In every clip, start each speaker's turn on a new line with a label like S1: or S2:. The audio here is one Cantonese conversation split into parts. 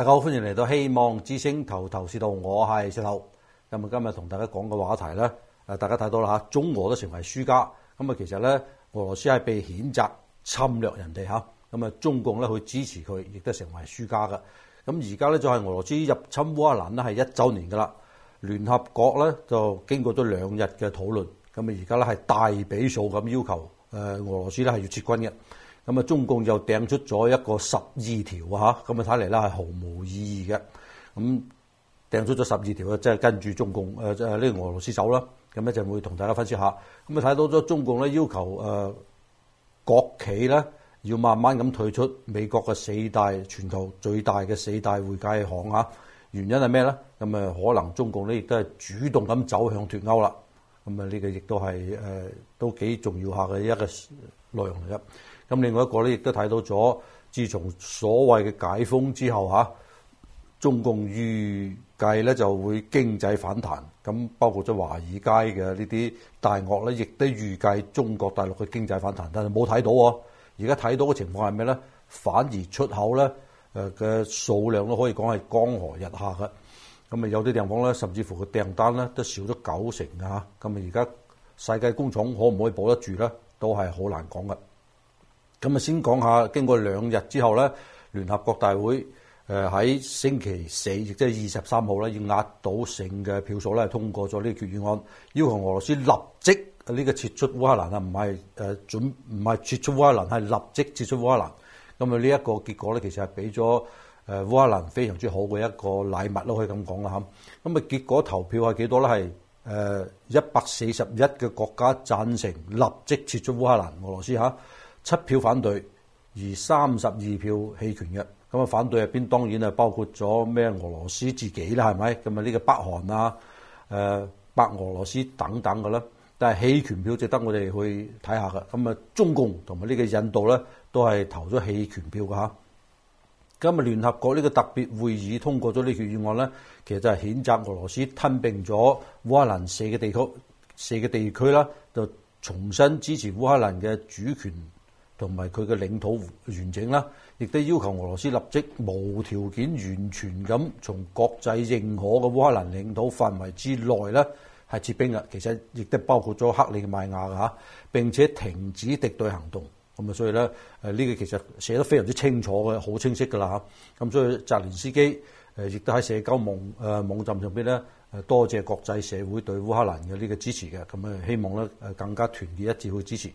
S1: 大家好，歡迎嚟到希望之星頭頭是道，我係石頭。咁啊，今日同大家講嘅話題咧，誒，大家睇到啦吓，中俄都成為輸家。咁啊，其實咧，俄羅斯係被譴責侵略人哋吓，咁啊，中共咧去支持佢，亦都成為輸家嘅。咁而家咧就係俄羅斯入侵烏克蘭咧係一周年噶啦，聯合國咧就經過咗兩日嘅討論，咁啊，而家咧係大比數咁要求誒，俄羅斯咧係要撤軍嘅。咁啊！中共又掟出咗一個十二條啊！嚇咁啊，睇嚟咧係毫無意義嘅。咁掟出咗十二條咧，即係跟住中共誒誒呢個俄羅斯走啦。咁咧就會同大家分析下。咁啊，睇到咗中共咧要求誒、呃、國企咧要慢慢咁退出美國嘅四大全球最大嘅四大會計行啊，原因係咩咧？咁啊，可能中共咧亦都係主動咁走向脫歐啦。咁、這、啊、個，呢個亦都係誒都幾重要下嘅一個內容嚟嘅。咁另外一個咧，亦都睇到咗。自從所謂嘅解封之後，嚇中共預計咧就會經濟反彈。咁包括咗華爾街嘅呢啲大鱷咧，亦都預計中國大陸嘅經濟反彈，但係冇睇到。而家睇到嘅情況係咩咧？反而出口咧，嘅數量都可以講係江河日下嘅。咁啊，有啲地方咧，甚至乎個訂單咧都少咗九成嘅嚇。咁啊，而家世界工廠可唔可以保得住咧？都係好難講嘅。咁啊，先講下經過兩日之後咧，聯合國大會喺星期四，亦即係二十三號咧，要壓倒性嘅票數咧，通過咗呢個決議案，要求俄羅斯立即呢個撤出烏克蘭啊，唔係準唔係撤出烏克蘭，係立即撤出烏克蘭。咁啊，呢一個結果咧，其實係俾咗誒烏克蘭非常之好嘅一個禮物咯，可以咁講啦。咁啊，結果投票係幾多咧？係誒一百四十一嘅國家贊成立即撤出烏克蘭，俄羅斯下。七票反對，而三十二票棄權嘅。咁啊，反對入邊當然係包括咗咩俄羅斯自己啦，係咪？咁啊，呢個北韓啊，誒、呃、白俄羅斯等等嘅啦。但係棄權票值得我哋去睇下嘅。咁、嗯、啊，中共同埋呢個印度咧，都係投咗棄權票嘅嚇。今日聯合國呢個特別會議通過咗呢條議案咧，其實就係譴責俄羅斯吞併咗烏克蘭四個地區，四個地區啦，就重新支持烏克蘭嘅主權。同埋佢嘅領土完整啦，亦都要求俄羅斯立即無條件完全咁從國際認可嘅烏克蘭領土範圍之內咧係撤兵啊！其實亦都包括咗克里米亞嘅嚇，並且停止敵對行動。咁啊，所以咧，誒呢個其實寫得非常之清楚嘅，好清晰噶啦嚇。咁所以澤連斯基誒亦都喺社交網誒網站上面咧，誒多謝國際社會對烏克蘭嘅呢個支持嘅。咁啊，希望咧誒更加團結一致去支持。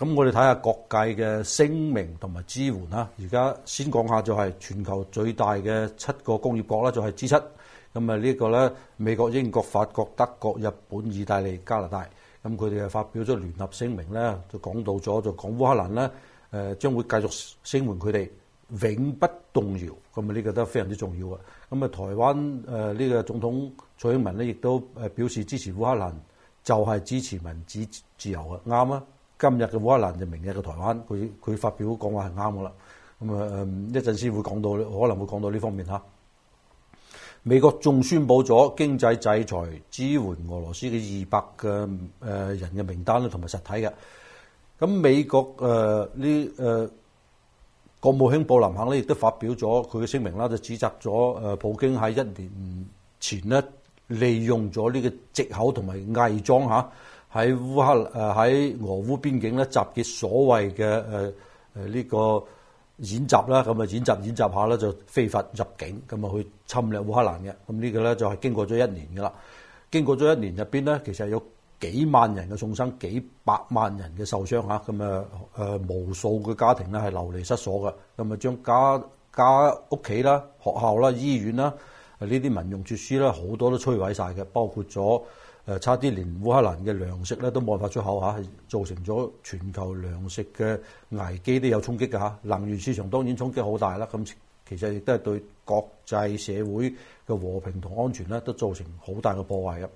S1: 咁我哋睇下各界嘅聲明同埋支援啦。而家先講下，就係全球最大嘅七個工業國啦，就係 G7。咁啊呢個咧，美國、英國、法國、德國、日本、意大利、加拿大，咁佢哋啊發表咗聯合聲明咧，就講到咗就講烏克蘭咧，誒將會繼續聲援佢哋，永不動搖。咁啊呢個都非常之重要啊。咁啊台灣誒呢個總統蔡英文咧，亦都誒表示支持烏克蘭，就係支持民主自由啊，啱啊！今日嘅烏克蘭就明日嘅台灣，佢佢發表講話係啱嘅啦。咁啊，一陣先會講到，可能會講到呢方面嚇。美國仲宣佈咗經濟制裁支援俄羅斯嘅二百嘅誒人嘅名單咧，同埋實體嘅。咁美國誒呢誒國務卿布林肯咧，亦都發表咗佢嘅聲明啦，就指責咗誒普京喺一年前呢利用咗呢個藉口同埋偽裝嚇。喺烏克誒喺俄烏邊境咧，集結所謂嘅誒誒呢個演習啦，咁啊演習演習下咧就非法入境，咁啊去侵略烏克蘭嘅。咁、這、呢個咧就係經過咗一年噶啦，經過咗一年入邊咧，其實有幾萬人嘅喪生，幾百萬人嘅受傷嚇，咁啊誒無數嘅家庭咧係流離失所嘅，同埋將家家屋企啦、學校啦、醫院啦，啊呢啲民用設施咧好多都摧毀晒嘅，包括咗。差啲連烏克蘭嘅糧食咧都冇辦法出口嚇，係造成咗全球糧食嘅危機都有衝擊㗎嚇。能源市場當然衝擊好大啦，咁其實亦都係對國際社會嘅和平同安全咧都造成好大嘅破壞嘅。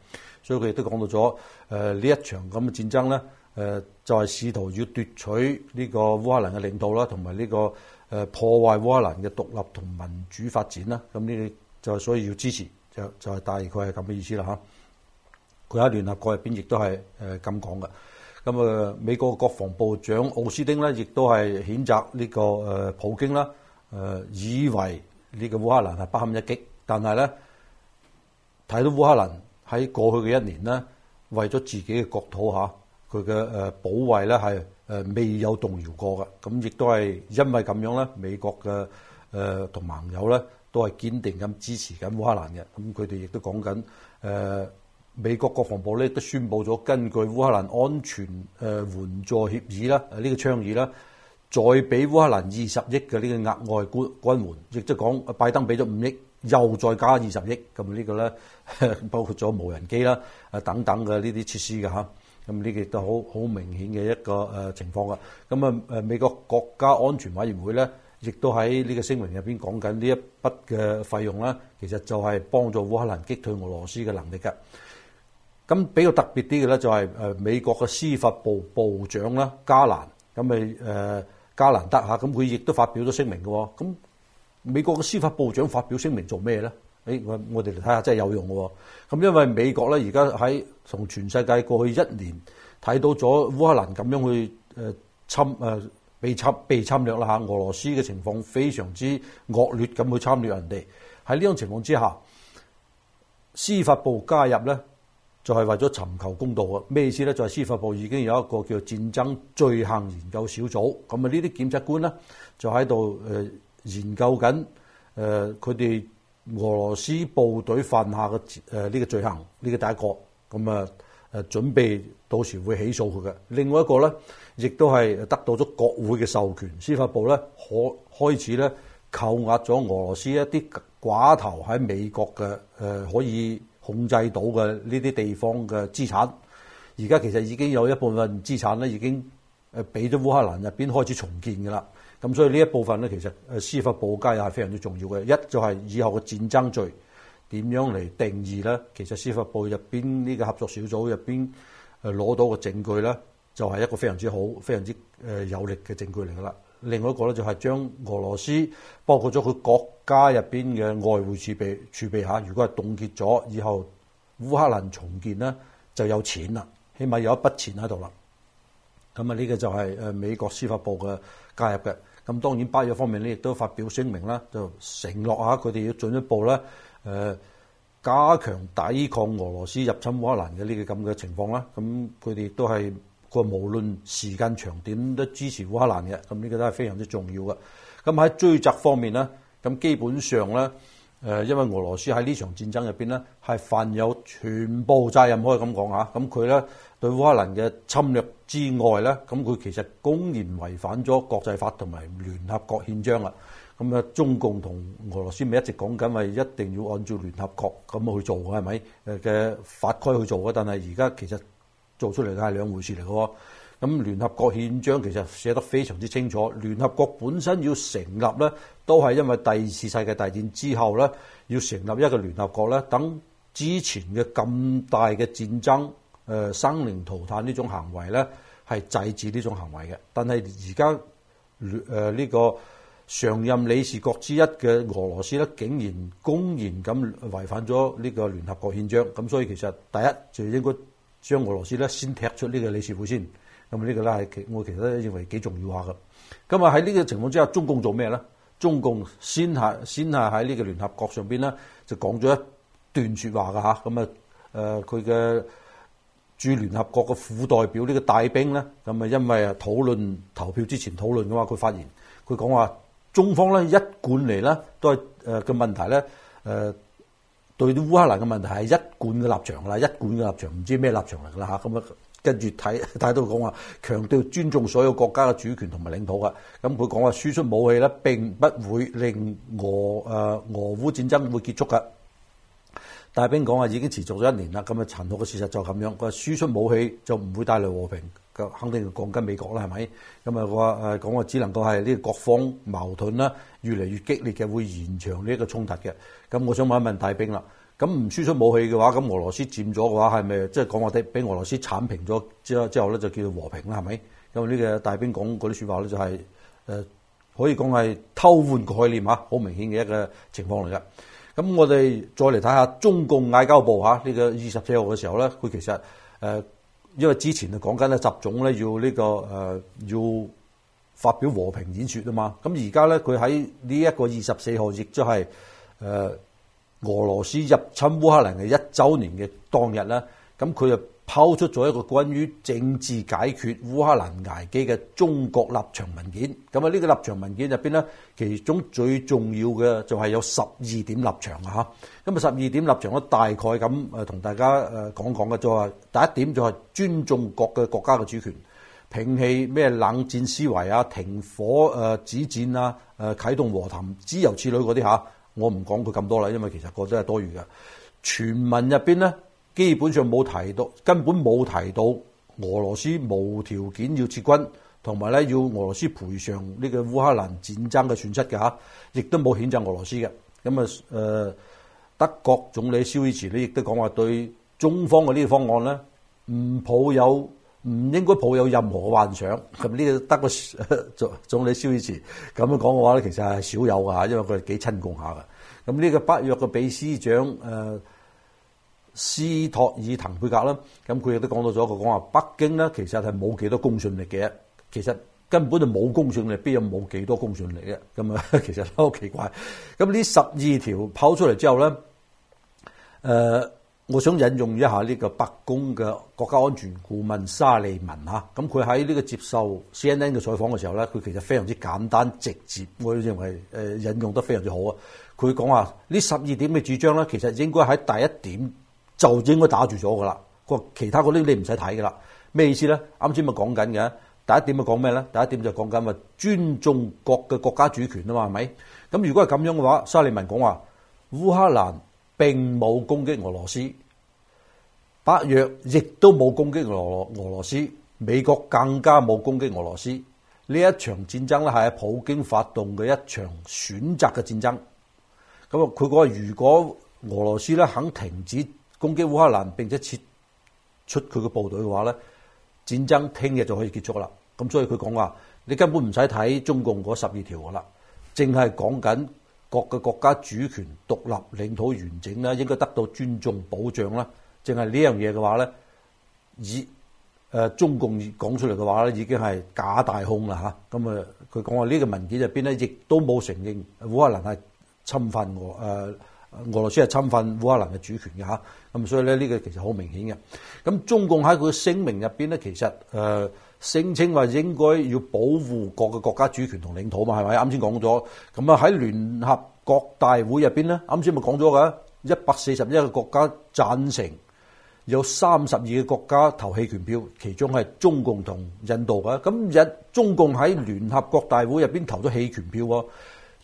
S1: 所以佢亦都講到咗呢、呃、一場咁嘅戰爭咧、呃，就係、係、試圖要奪取呢個烏克蘭嘅領導啦，同埋呢個破壞烏克蘭嘅獨立同民主發展啦。咁呢啲就係所以要支持，就就係、係大概係咁嘅意思啦嚇。佢喺聯合國入邊亦都係誒咁講嘅。咁啊，美國國防部長奧斯汀咧，亦都係譴責呢個誒普京啦。誒以為呢個烏克蘭係不堪一擊，但係咧睇到烏克蘭喺過去嘅一年呢，為咗自己嘅國土嚇，佢嘅誒保衛咧係誒未有動搖過嘅。咁亦都係因為咁樣咧，美國嘅誒同盟友咧都係堅定咁支持緊烏克蘭嘅。咁佢哋亦都講緊誒。美國國防部咧都宣布咗，根據烏克蘭安全誒援助協議啦，誒呢個倡議啦，再俾烏克蘭二十億嘅呢個額外軍軍援，亦即係講拜登俾咗五億，又再加二十億咁呢個咧，包括咗無人機啦、誒等等嘅呢啲設施嘅嚇。咁呢個亦都好好明顯嘅一個誒情況㗎。咁啊誒美國國家安全委員會咧，亦都喺呢個聲明入邊講緊呢一筆嘅費用啦，其實就係幫助烏克蘭擊退俄羅斯嘅能力㗎。咁比較特別啲嘅咧，就係美國嘅司法部部長啦，加蘭咁咪加蘭德嚇，咁佢亦都發表咗聲明嘅喎。咁美國嘅司法部長發表聲明做咩咧？我我哋嚟睇下，真係有用嘅喎。咁因為美國咧，而家喺從全世界過去一年睇到咗烏克蘭咁樣去誒侵、呃、被侵被侵略啦嚇，俄羅斯嘅情況非常之惡劣咁去侵略人哋。喺呢種情況之下，司法部加入咧。就係為咗尋求公道啊！咩意思咧？就係、是、司法部已經有一個叫戰爭罪行研究小組，咁啊呢啲檢察官咧就喺度誒研究緊誒佢哋俄羅斯部隊犯下嘅誒呢個罪行，呢、這個第一個，咁啊誒準備到時會起訴佢嘅。另外一個咧，亦都係得到咗國會嘅授權，司法部咧可開始咧扣押咗俄羅斯一啲寡頭喺美國嘅誒、呃、可以。控制到嘅呢啲地方嘅資產，而家其實已經有一部分資產咧已經誒俾咗烏克蘭入邊開始重建噶啦。咁所以呢一部分咧，其實誒司法部街係非常之重要嘅。一就係以後嘅戰爭罪點樣嚟定義咧，其實司法部入邊呢個合作小組入邊誒攞到嘅證據咧，就係一個非常之好、非常之誒有力嘅證據嚟噶啦。另外一個咧就係將俄羅斯包括咗佢國家入邊嘅外匯儲備儲備下，如果係凍結咗，以後烏克蘭重建咧就有錢啦，起碼有一筆錢喺度啦。咁啊，呢個就係誒美國司法部嘅介入嘅。咁當然，北約方面咧亦都發表聲明啦，就承諾下佢哋要進一步咧誒加強抵抗俄羅斯入侵烏克蘭嘅呢個咁嘅情況啦。咁佢哋都係。個無論時間長點都支持烏克蘭嘅，咁呢個都係非常之重要嘅。咁喺追責方面呢，咁基本上呢，因為俄羅斯喺呢場戰爭入邊呢，係犯有全部責任可以咁講嚇。咁佢呢對烏克蘭嘅侵略之外呢，咁佢其實公然違反咗國際法同埋聯合國憲章啦。咁啊，中共同俄羅斯咪一直講緊，話一定要按照聯合國咁去做係咪？誒嘅法規去做嘅，但係而家其實。做出嚟都係兩回事嚟嘅，咁聯合國憲章其實寫得非常之清楚。聯合國本身要成立咧，都係因為第二次世界大戰之後咧，要成立一個聯合國咧，等之前嘅咁大嘅戰爭，誒、呃、生靈塗炭呢種行為咧，係制止呢種行為嘅。但係而家誒呢個常任理事國之一嘅俄羅斯咧，竟然公然咁違反咗呢個聯合國憲章，咁所以其實第一就應該。將俄羅斯咧先踢出呢個理事會先，咁、這、呢個咧，我其實咧認為幾重要下嘅。咁啊喺呢個情況之下，中共做咩咧？中共先係先係喺呢個聯合國上邊咧，就講咗一段説話嘅吓，咁啊誒，佢嘅駐聯合國嘅副代表呢個戴兵咧，咁啊因為啊討論投票之前討論嘅嘛。佢發言，佢講話中方咧一貫嚟咧都係誒嘅問題咧誒。對啲烏克蘭嘅問題係一貫嘅立場啦，一貫嘅立場，唔知咩立場嚟噶啦嚇。咁啊，跟住睇，睇到佢講話強調尊重所有國家嘅主權同埋領土嘅。咁佢講話輸出武器咧，並不會令俄誒俄烏戰爭會結束嘅。大兵講話已經持續咗一年啦。咁啊，殘酷嘅事實就咁樣。佢話輸出武器就唔會帶來和平，佢肯定要講緊美國啦，係咪？咁啊佢話誒講話只能夠係呢個各方矛盾啦，越嚟越激烈嘅會延長呢一個衝突嘅。咁我想問一問大兵啦，咁唔輸出武器嘅話，咁俄羅斯佔咗嘅話，係咪即係講我哋俾俄羅斯剷平咗之後之後咧，就叫做和平啦？係咪？因為呢個大兵講嗰啲說話咧、就係，就、呃、係可以講係偷換概念呀，好明顯嘅一個情況嚟嘅。咁我哋再嚟睇下中共外交部嚇呢、啊呢個二十四號嘅時候咧，佢其實、呃、因為之前就講緊咧習總咧要呢、呢個、呃、要發表和平演説啊嘛，咁而家咧佢喺呢一個二十四號亦都係俄羅斯入侵烏克蘭嘅一周年嘅當日啦，咁佢就拋出咗一個關於政治解決烏克蘭危機嘅中國立場文件。咁啊，呢個立場文件入邊咧，其中最重要嘅就係有十二點立場啊！吓，咁啊，十二點立場我大概咁誒同大家誒講講嘅，就係第一點就係尊重各嘅國家嘅主權平，摒棄咩冷戰思維啊、停火誒、止戰啊、誒啟動和談，諸如此類嗰啲吓。我唔講佢咁多啦，因為其實個真係多餘嘅。全文入邊咧，基本上冇提到，根本冇提到俄羅斯無條件要撤軍，同埋咧要俄羅斯賠償呢個烏克蘭戰爭嘅損失嘅。亦都冇譴責俄羅斯嘅。咁啊，呃，德國總理肖爾茨咧，亦都講話對中方嘅呢個方案咧，唔抱有，唔應該抱有任何幻想，咁、這、呢個德國總理肖爾茨咁樣講嘅話咧，其實係少有㗎，因為佢係幾親共下㗎。咁、這、呢個北約嘅秘書長誒、呃、斯托爾滕貝格啦，咁佢亦都講到咗，佢講話北京咧，其實係冇幾多公信力嘅。其實根本就冇公信力，必有冇幾多公信力嘅。咁啊，其實都好奇怪。咁呢十二條跑出嚟之後咧，誒、呃。我想引用一下呢個白宮嘅國家安全顧問沙利文嚇，咁佢喺呢個接受 CNN 嘅採訪嘅時候咧，佢其實非常之簡單直接，我認為誒引用得非常之好啊！佢講話呢十二點嘅主張咧，其實應該喺第一點就應該打住咗噶啦。個其他嗰啲你唔使睇噶啦，咩意思咧？啱先咪講緊嘅第一點咪講咩咧？第一點就講緊話尊重各嘅國家主權啊嘛，係咪？咁如果係咁樣嘅話，沙利文講話烏克蘭。並冇攻擊俄羅斯，北約亦都冇攻擊俄羅俄羅斯，美國更加冇攻擊俄羅斯。呢一場戰爭咧係喺普京發動嘅一場選擇嘅戰爭。咁啊，佢講：如果俄羅斯咧肯停止攻擊烏克蘭並且撤出佢嘅部隊嘅話咧，戰爭聽日就可以結束啦。咁所以佢講話，你根本唔使睇中共嗰十二條嘅啦，淨係講緊。各個國家主權、獨立領土完整咧，應該得到尊重保障啦。淨係呢樣嘢嘅話咧，以誒、呃、中共講出嚟嘅話咧，已經係假大空啦嚇。咁啊，佢講話呢個文件入邊咧，亦都冇承認烏克蘭係侵犯俄誒、呃、俄羅斯係侵犯烏克蘭嘅主權嘅嚇。咁、啊、所以咧，呢個其實好明顯嘅。咁、啊、中共喺佢聲明入邊咧，其實誒。呃聲稱話應該要保護各個國家主權同領土嘛，係咪？啱先講咗，咁啊喺聯合國大會入邊咧，啱先咪講咗㗎，一百四十一個國家贊成，有三十二個國家投棄權票，其中係中共同印度嘅。咁日中共喺聯合國大會入邊投咗棄權票。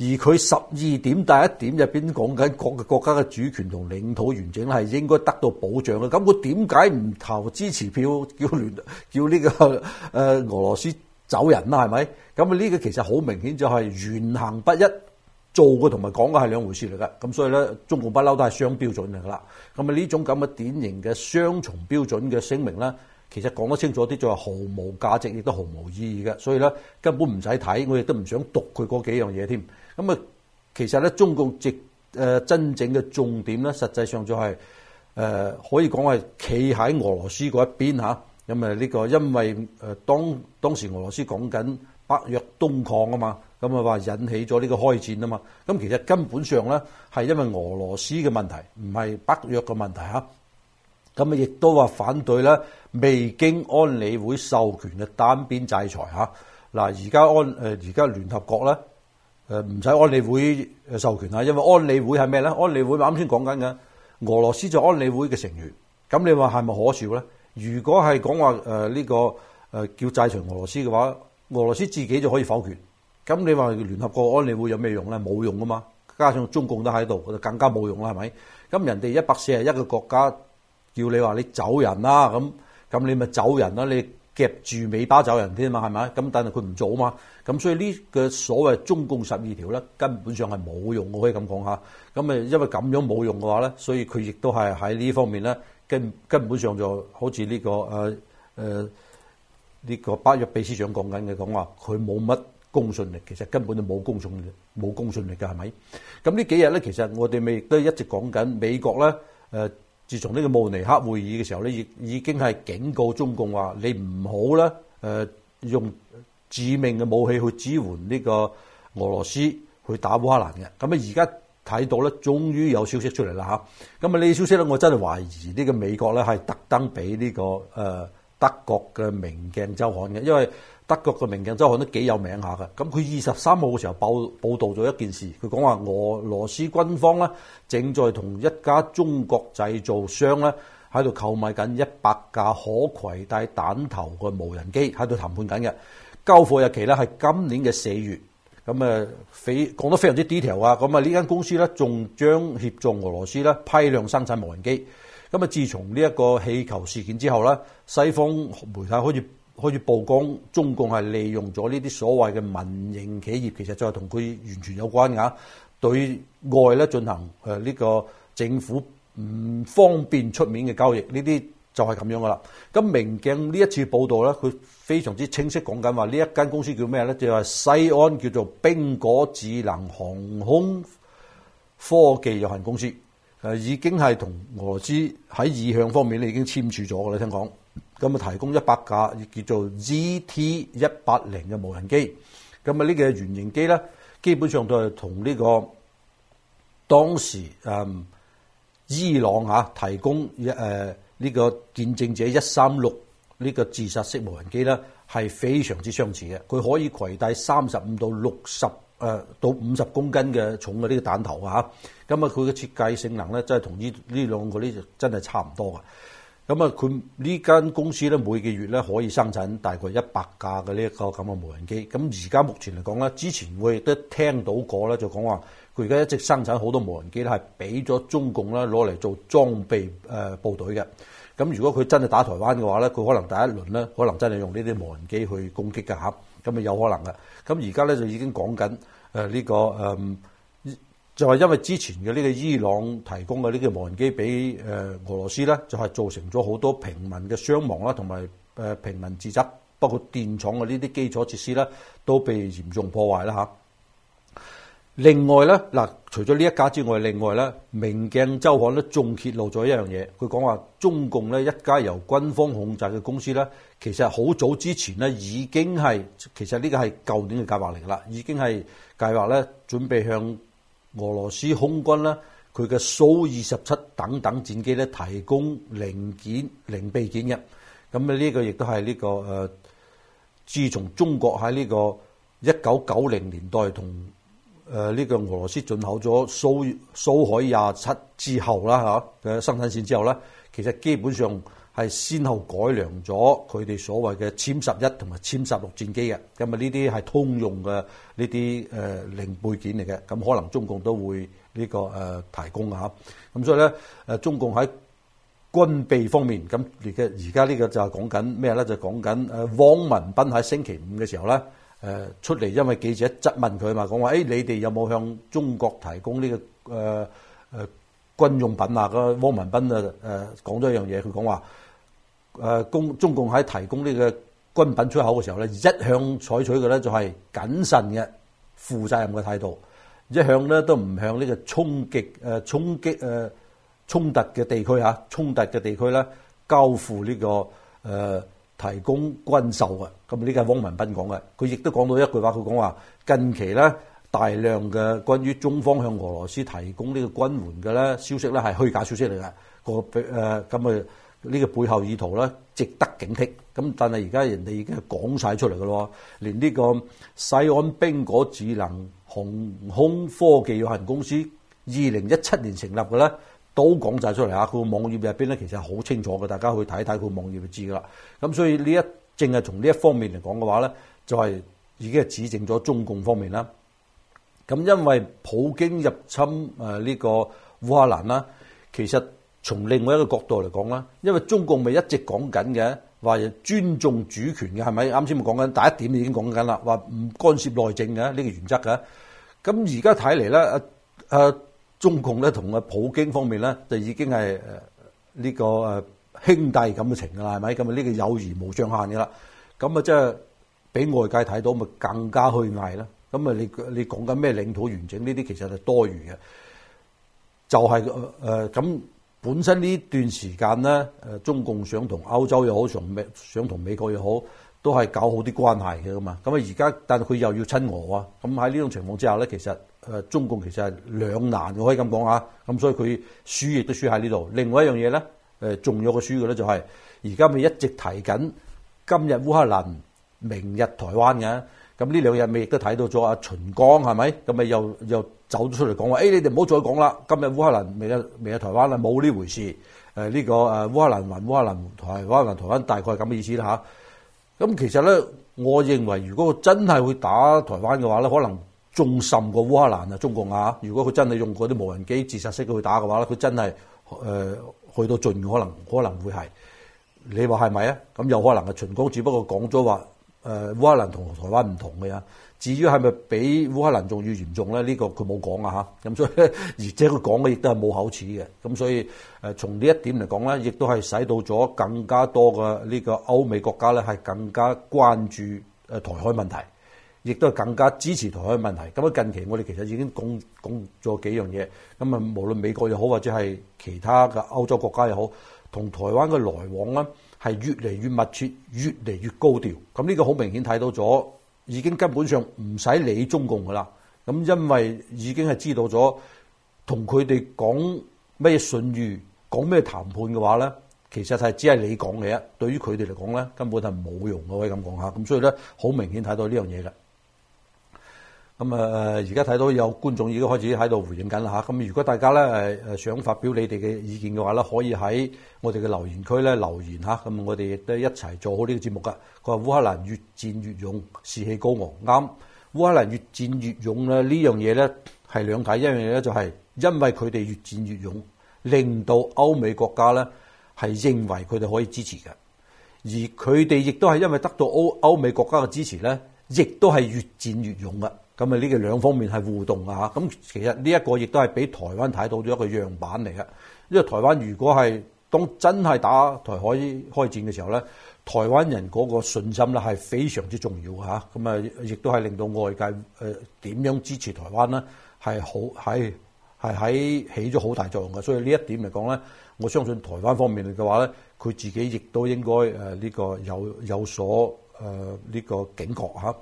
S1: 而佢十二點第一點入邊講緊各個國家嘅主權同領土完整係應該得到保障嘅，咁佢點解唔投支持票叫聯叫呢個誒俄羅斯走人啦？係咪？咁啊呢個其實好明顯就係言行不一做嘅同埋講嘅係兩回事嚟㗎。咁所以咧，中共不嬲都係雙標準嚟㗎喇。咁啊呢種咁嘅典型嘅雙重標準嘅聲明咧，其實講得清楚啲，就係毫無價值亦都毫無意義嘅。所以咧，根本唔使睇，我亦都唔想讀佢嗰幾樣嘢添。咁啊，其實咧，中共直誒真正嘅重點咧，實際上就係、是、誒、呃、可以講係企喺俄羅斯嗰一邊嚇。咁啊，呢個因為誒、這個、當當時俄羅斯講緊北約東擴啊嘛，咁啊話引起咗呢個開戰啊嘛。咁、啊、其實根本上咧係因為俄羅斯嘅問題，唔係北約嘅問題嚇。咁啊，亦、啊、都話反對咧未經安理會授權嘅單邊制裁嚇。嗱、啊，而、啊、家安誒而家聯合國咧。誒唔使安理會授權啦，因為安理會係咩咧？安理會我啱先講緊嘅，俄羅斯就安理會嘅成員，咁你話係咪可笑咧？如果係講話呢個、呃、叫制裁俄羅斯嘅話，俄羅斯自己就可以否決，咁你話聯合國安理會有咩用咧？冇用噶嘛，加上中共都喺度，就更加冇用啦，係咪？咁人哋一百四十一個國家叫你話你走人啦、啊，咁咁你咪走人啦、啊，你。夾住尾巴走人添嘛，係咪？咁但係佢唔做啊嘛，咁所以呢個所謂中共十二條咧，根本上係冇用的，我可以咁講嚇。咁啊，因為咁樣冇用嘅話咧，所以佢亦都係喺呢方面咧根根本上就好似呢個誒誒呢個巴約秘書長講緊嘅，講話佢冇乜公信力，其實根本就冇公信力，冇公信力㗎，係咪？咁呢幾日咧，其實我哋咪都一直講緊美國咧誒。呃自從呢個慕尼黑會議嘅時候咧，亦已經係警告中共話：你唔好咧，誒用致命嘅武器去支援呢個俄羅斯去打烏克蘭嘅。咁啊，而家睇到咧，終於有消息出嚟啦嚇。咁啊，呢啲消息咧，我真係懷疑呢個美國咧係特登俾呢個誒、呃、德國嘅明鏡周刊嘅，因為。德國嘅明鏡週刊都幾有名下嘅，咁佢二十三號嘅時候報報導咗一件事，佢講話俄羅斯軍方咧正在同一家中國製造商咧喺度購買緊一百架可攜帶彈頭嘅無人機，喺度談判緊嘅，交貨日期咧係今年嘅四月，咁啊，非講得非常之 detail 啊，咁啊呢間公司咧仲將協助俄羅斯咧批量生產無人機，咁啊自從呢一個氣球事件之後咧，西方媒體開始。可以曝光中共係利用咗呢啲所謂嘅民營企業，其實就係同佢完全有關噶。對外咧進行誒呢個政府唔方便出面嘅交易，呢啲就係咁樣噶啦。咁明鏡呢一次報道咧，佢非常之清晰講緊話，呢一間公司叫咩咧？就係西安叫做冰果智能航空科技有限公司，已經係同俄羅斯喺意向方面咧已經簽署咗噶啦，你聽講。咁啊，提供一百架亦叫做 ZT 一八零嘅無人機。咁啊，呢個原型機咧，基本上都係同呢個當時誒伊朗嚇提供一誒呢個見證者一三六呢個自殺式無人機咧，係非常之相似嘅。佢可以攜帶三十五到六十誒到五十公斤嘅重嘅呢個彈頭啊！咁啊，佢嘅設計性能咧，真係同呢呢兩個呢，就真係差唔多嘅。咁啊，佢呢間公司咧，每個月咧可以生產大概一百架嘅呢一個咁嘅無人機。咁而家目前嚟講咧，之前我亦都聽到過咧，就講話佢而家一直生產好多無人機咧，係俾咗中共咧攞嚟做裝備誒部隊嘅。咁如果佢真係打台灣嘅話咧，佢可能第一輪咧，可能真係用呢啲無人機去攻擊嘅嚇。咁啊，有可能嘅。咁而家咧就已經講緊呢個、呃就係因為之前嘅呢個伊朗提供嘅呢個無人機俾誒俄羅斯咧，就係造成咗好多平民嘅傷亡啦，同埋誒平民自責，包括電廠嘅呢啲基礎設施咧，都被嚴重破壞啦吓。另外咧，嗱除咗呢一家之外，另外咧，《明鏡周刊》咧仲揭露咗一樣嘢，佢講話中共咧一家由軍方控制嘅公司咧，其實好早之前咧已經係，其實呢個係舊年嘅計劃嚟嘅啦，已經係計劃咧準備向。俄羅斯空軍咧，佢嘅蘇二十七等等戰機咧，提供零件零備件嘅。咁咧呢個亦都係呢個誒、呃，自從中國喺呢個一九九零年代同誒呢個俄羅斯進口咗蘇蘇海廿七之後啦，嚇、啊，嘅生產線之後咧，其實基本上。係先後改良咗佢哋所謂嘅殲十一同埋殲十六戰機嘅，咁啊呢啲係通用嘅呢啲誒零配件嚟嘅，咁可能中共都會呢個誒、呃、提供的啊，咁所以咧誒、呃、中共喺軍備方面，咁而家而家呢個就係講緊咩咧？就講緊誒汪文斌喺星期五嘅時候咧誒、呃、出嚟，因為記者質問佢啊嘛，講話誒你哋有冇向中國提供呢、呢個誒誒？呃呃軍用品啊！個汪文斌啊誒講咗一樣嘢，佢講話誒共中共喺提供呢個軍品出口嘅時候咧，一向採取嘅咧就係謹慎嘅負責任嘅態度，一向咧都唔向呢個衝擊誒衝擊誒衝突嘅地區嚇衝突嘅地區咧交付呢、這個誒、呃、提供軍售嘅。咁呢個係汪文斌講嘅，佢亦都講到一句話，佢講話近期咧。大量嘅關於中方向俄羅斯提供呢個軍援嘅咧消息咧，係虛假消息嚟嘅個，誒咁啊呢個背後意圖咧，值得警惕。咁但係而家人哋已經係講晒出嚟嘅咯，連呢個西安冰果智能航空科技有限公司二零一七年成立嘅咧都講晒出嚟啊！佢個網頁入邊咧其實好清楚嘅，大家去睇睇佢個網頁就知啦。咁所以呢一淨係從呢一方面嚟講嘅話咧，就係已經係指證咗中共方面啦。咁因為普京入侵呢個烏克蘭啦，其實從另外一個角度嚟講啦，因為中共咪一直講緊嘅話尊重主權嘅係咪？啱先咪講緊第一點已經講緊啦，話唔干涉內政嘅呢個原則嘅。咁而家睇嚟咧，中共咧同阿普京方面咧就已經係呢個兄弟感情㗎啦，係咪？咁啊呢個友誼無上限嘅啦。咁啊即係俾外界睇到咪更加虛偽啦。咁啊！你你講緊咩？領土完整呢啲其實係多餘嘅，就係，就係咁本身呢段時間咧，中共想同歐洲又好，想同美國又好，都係搞好啲關係嘅嘛。咁啊，而家但係佢又要親俄啊，咁喺呢種情況之下咧，其實、呃、中共其實係兩難嘅，可以咁講嚇。咁、啊、所以佢輸亦都輸喺呢度。另外一樣嘢咧，誒、呃、重要嘅輸嘅咧就係而家咪一直提緊今日烏克蘭，明日台灣嘅。咁呢兩日咪亦都睇到咗阿秦剛係咪？咁咪又又走咗出嚟講話，誒、哎、你哋唔好再講啦！今日烏克蘭未有未有台灣啦，冇呢回事。呢、這個烏克蘭還烏克蘭台烏克蘭台灣大概係咁嘅意思啦嚇。咁其實咧，我認為如果佢真係會打台灣嘅話咧，可能仲甚過烏克蘭啊中共嚇。如果佢真係用嗰啲無人機自殺式去打嘅話咧，佢真係、呃、去到盡，可能可能會係你話係咪啊？咁有可能係秦剛，只不過講咗話。誒，烏克蘭同台灣唔同嘅。至於係咪比烏克蘭仲要嚴重咧？呢、呢個佢冇講啊嚇。咁所以而且佢講嘅亦都係冇口齒嘅。咁所以誒，從呢一點嚟講咧，亦都係使到咗更加多嘅呢個歐美國家咧，係更加關注台海問題，亦都係更加支持台海問題。咁啊，近期我哋其實已經講講咗幾樣嘢，咁啊，無論美國又好或者係其他嘅歐洲國家又好，同台灣嘅來往係越嚟越密切，越嚟越高調。咁呢個好明顯睇到咗，已經根本上唔使理中共噶啦。咁因為已經係知道咗，同佢哋講咩信譽，講咩談判嘅話咧，其實係只係你講嘢。對於佢哋嚟講咧，根本係冇用嘅。可以咁講下。咁所以咧，好明顯睇到呢樣嘢嘅。咁啊，而家睇到有觀眾已經開始喺度回應緊啦吓。咁如果大家咧誒想發表你哋嘅意見嘅話咧，可以喺我哋嘅留言區咧留言吓。咁我哋亦都一齊做好呢個節目噶。佢話烏克蘭越戰越勇，士氣高昂。啱，烏克蘭越戰越勇咧，呢樣嘢咧係兩解。一樣嘢咧就係因為佢哋越戰越勇，令到歐美國家咧係認為佢哋可以支持嘅。而佢哋亦都係因為得到歐歐美國家嘅支持咧，亦都係越戰越勇嘅。咁啊，呢個兩方面係互動啊嚇。咁其實呢一個亦都係俾台灣睇到咗一個樣板嚟嘅。因為台灣如果係當真係打台海開戰嘅時候咧，台灣人嗰個信心咧係非常之重要嘅嚇。咁啊，亦都係令到外界誒點樣支持台灣咧係好喺係喺起咗好大作用嘅。所以呢一點嚟講咧，我相信台灣方面嘅話咧，佢自己亦都應該誒呢個有有所誒呢個警覺嚇。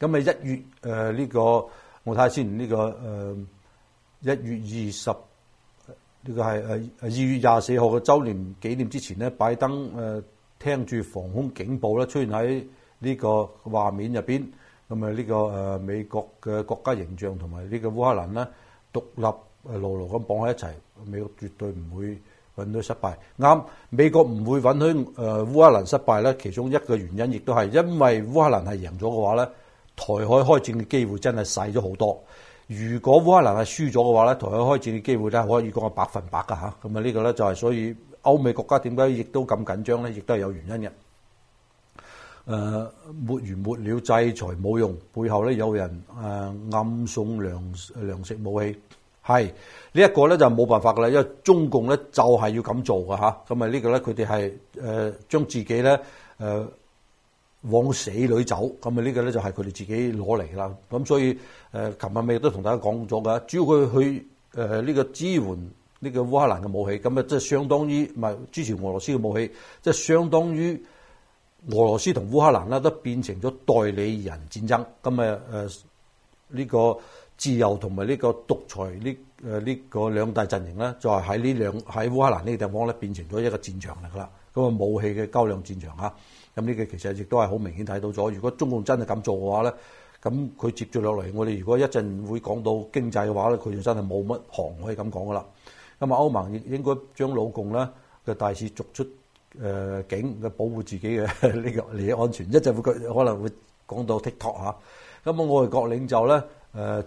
S1: 咁啊！一月誒呢個，我睇下先呢個誒一月二十呢個係誒二月廿四號嘅周年紀念之前咧，拜登誒聽住防空警報咧，出現喺呢個畫面入邊。咁啊，呢個誒美國嘅國家形象同埋呢個烏克蘭咧獨立，牢牢咁綁喺一齊。美國絕對唔會允許失敗。啱，美國唔會允許誒烏克蘭失敗咧。其中一個原因亦都係因為烏克蘭係贏咗嘅話咧。台海開戰嘅機會真係細咗好多。如果烏克蘭係輸咗嘅話咧，台海開戰嘅機會咧可以講係百分百噶吓。咁啊呢個咧就係，所以歐美國家點解亦都咁緊張咧，亦都係有原因嘅。誒，沒完沒了制裁冇用，背後咧有人誒、呃、暗送糧糧食武器，係，呢一個咧就冇辦法噶啦。因為中共咧就係要咁做噶吓。咁啊、這個、呢個咧佢哋係誒將自己咧誒。呃往死裏走，咁啊呢個咧就係佢哋自己攞嚟噶啦。咁所以誒，琴日尾都同大家講咗噶，主要佢去誒呢個支援呢個烏克蘭嘅武器，咁啊即係相當於唔係支持俄羅斯嘅武器，即係相當於俄羅斯同烏克蘭咧都變成咗代理人戰爭。咁啊誒呢個自由同埋呢個獨裁呢誒呢個兩大陣營咧，就喺呢兩喺烏克蘭呢個地方咧變成咗一個戰場嚟噶啦。咁啊武器嘅較量戰場啊！咁呢個其實亦都係好明顯睇到咗。如果中共真係咁做嘅話咧，咁佢接住落嚟，我哋如果一陣會講到經濟嘅話咧，佢就真係冇乜行可以咁講噶啦。咁啊，歐盟應該將老共咧嘅大使逐出誒境，嘅、呃、保護自己嘅呢個利益安全一會會，一陣佢可能會講到 TikTok 下咁啊，外國領袖咧、呃、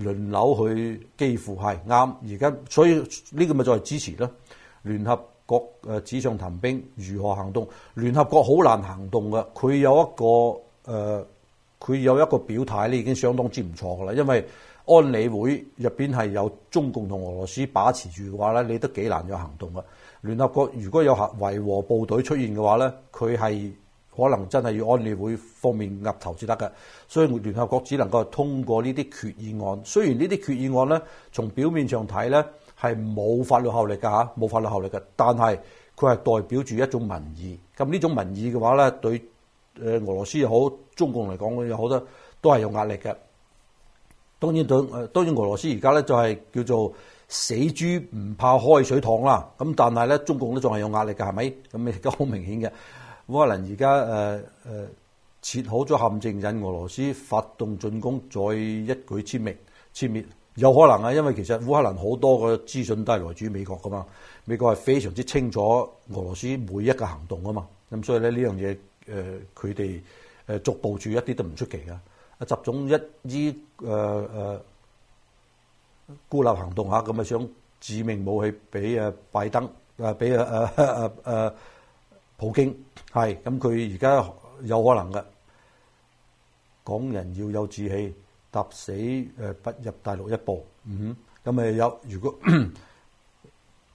S1: 輪流去，幾乎係啱。而家所以呢個咪再支持咯，聯合國誒紙上談兵如何行動？聯合國好難行動嘅，佢有一個誒，佢、呃、有一個表態呢已經相當之唔錯嘅啦。因為安理會入面係有中共同俄羅斯把持住嘅話咧，你都幾難有行動嘅。聯合國如果有合維和部隊出現嘅話咧，佢係可能真係要安理會方面岌頭先得嘅。所以聯合國只能夠通過呢啲決議案。雖然呢啲決議案咧，從表面上睇咧。係冇法律效力㗎嚇，冇法律效力㗎。但係佢係代表住一種民意。咁呢種民意嘅話咧，對誒俄羅斯又好，中共嚟講有好多都係有壓力嘅。當然，當當然俄羅斯而家咧就係叫做死豬唔怕開水燙啦。咁但係咧，中共都仲係有壓力嘅，係咪？咁亦都好明顯嘅。可能而家誒誒設好咗陷阱，引俄羅斯發動進攻，再一舉殲滅殲滅。有可能啊，因為其實烏克蘭好多嘅資訊都係來自於美國噶嘛，美國係非常之清楚俄羅斯每一個行動啊嘛，咁所以咧呢樣嘢，誒佢哋誒逐步住一啲都唔出奇噶，啊習總一於誒誒孤立行動吓，咁啊想致命武器俾誒、呃、拜登，誒俾誒誒誒普京，係，咁佢而家有可能嘅，港人要有志氣。踏死誒不入大陸一步，咁、嗯、咪有？如果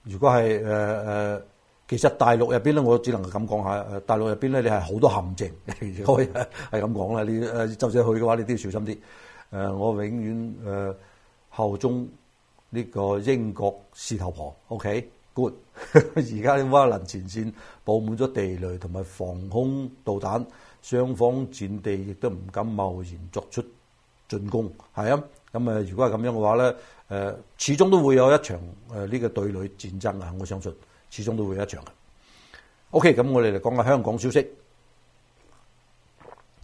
S1: 如果係誒誒，其實大陸入邊咧，我只能係咁講下。大陸入邊咧，你係好多陷阱，係咁講啦。你誒，就、呃、算 去嘅話，你都要小心啲。誒、呃，我永遠誒、呃、後中呢個英國士頭婆，OK，good。而家啲蛙林前線布滿咗地雷同埋防空導彈，雙方戰地亦都唔敢貿然作出進攻係啊，咁啊，如果係咁樣嘅話咧，誒、呃、始終都會有一場誒呢、呃這個對壘戰爭啊！我相信始終都會有一場嘅。OK，咁我哋嚟講下香港消息。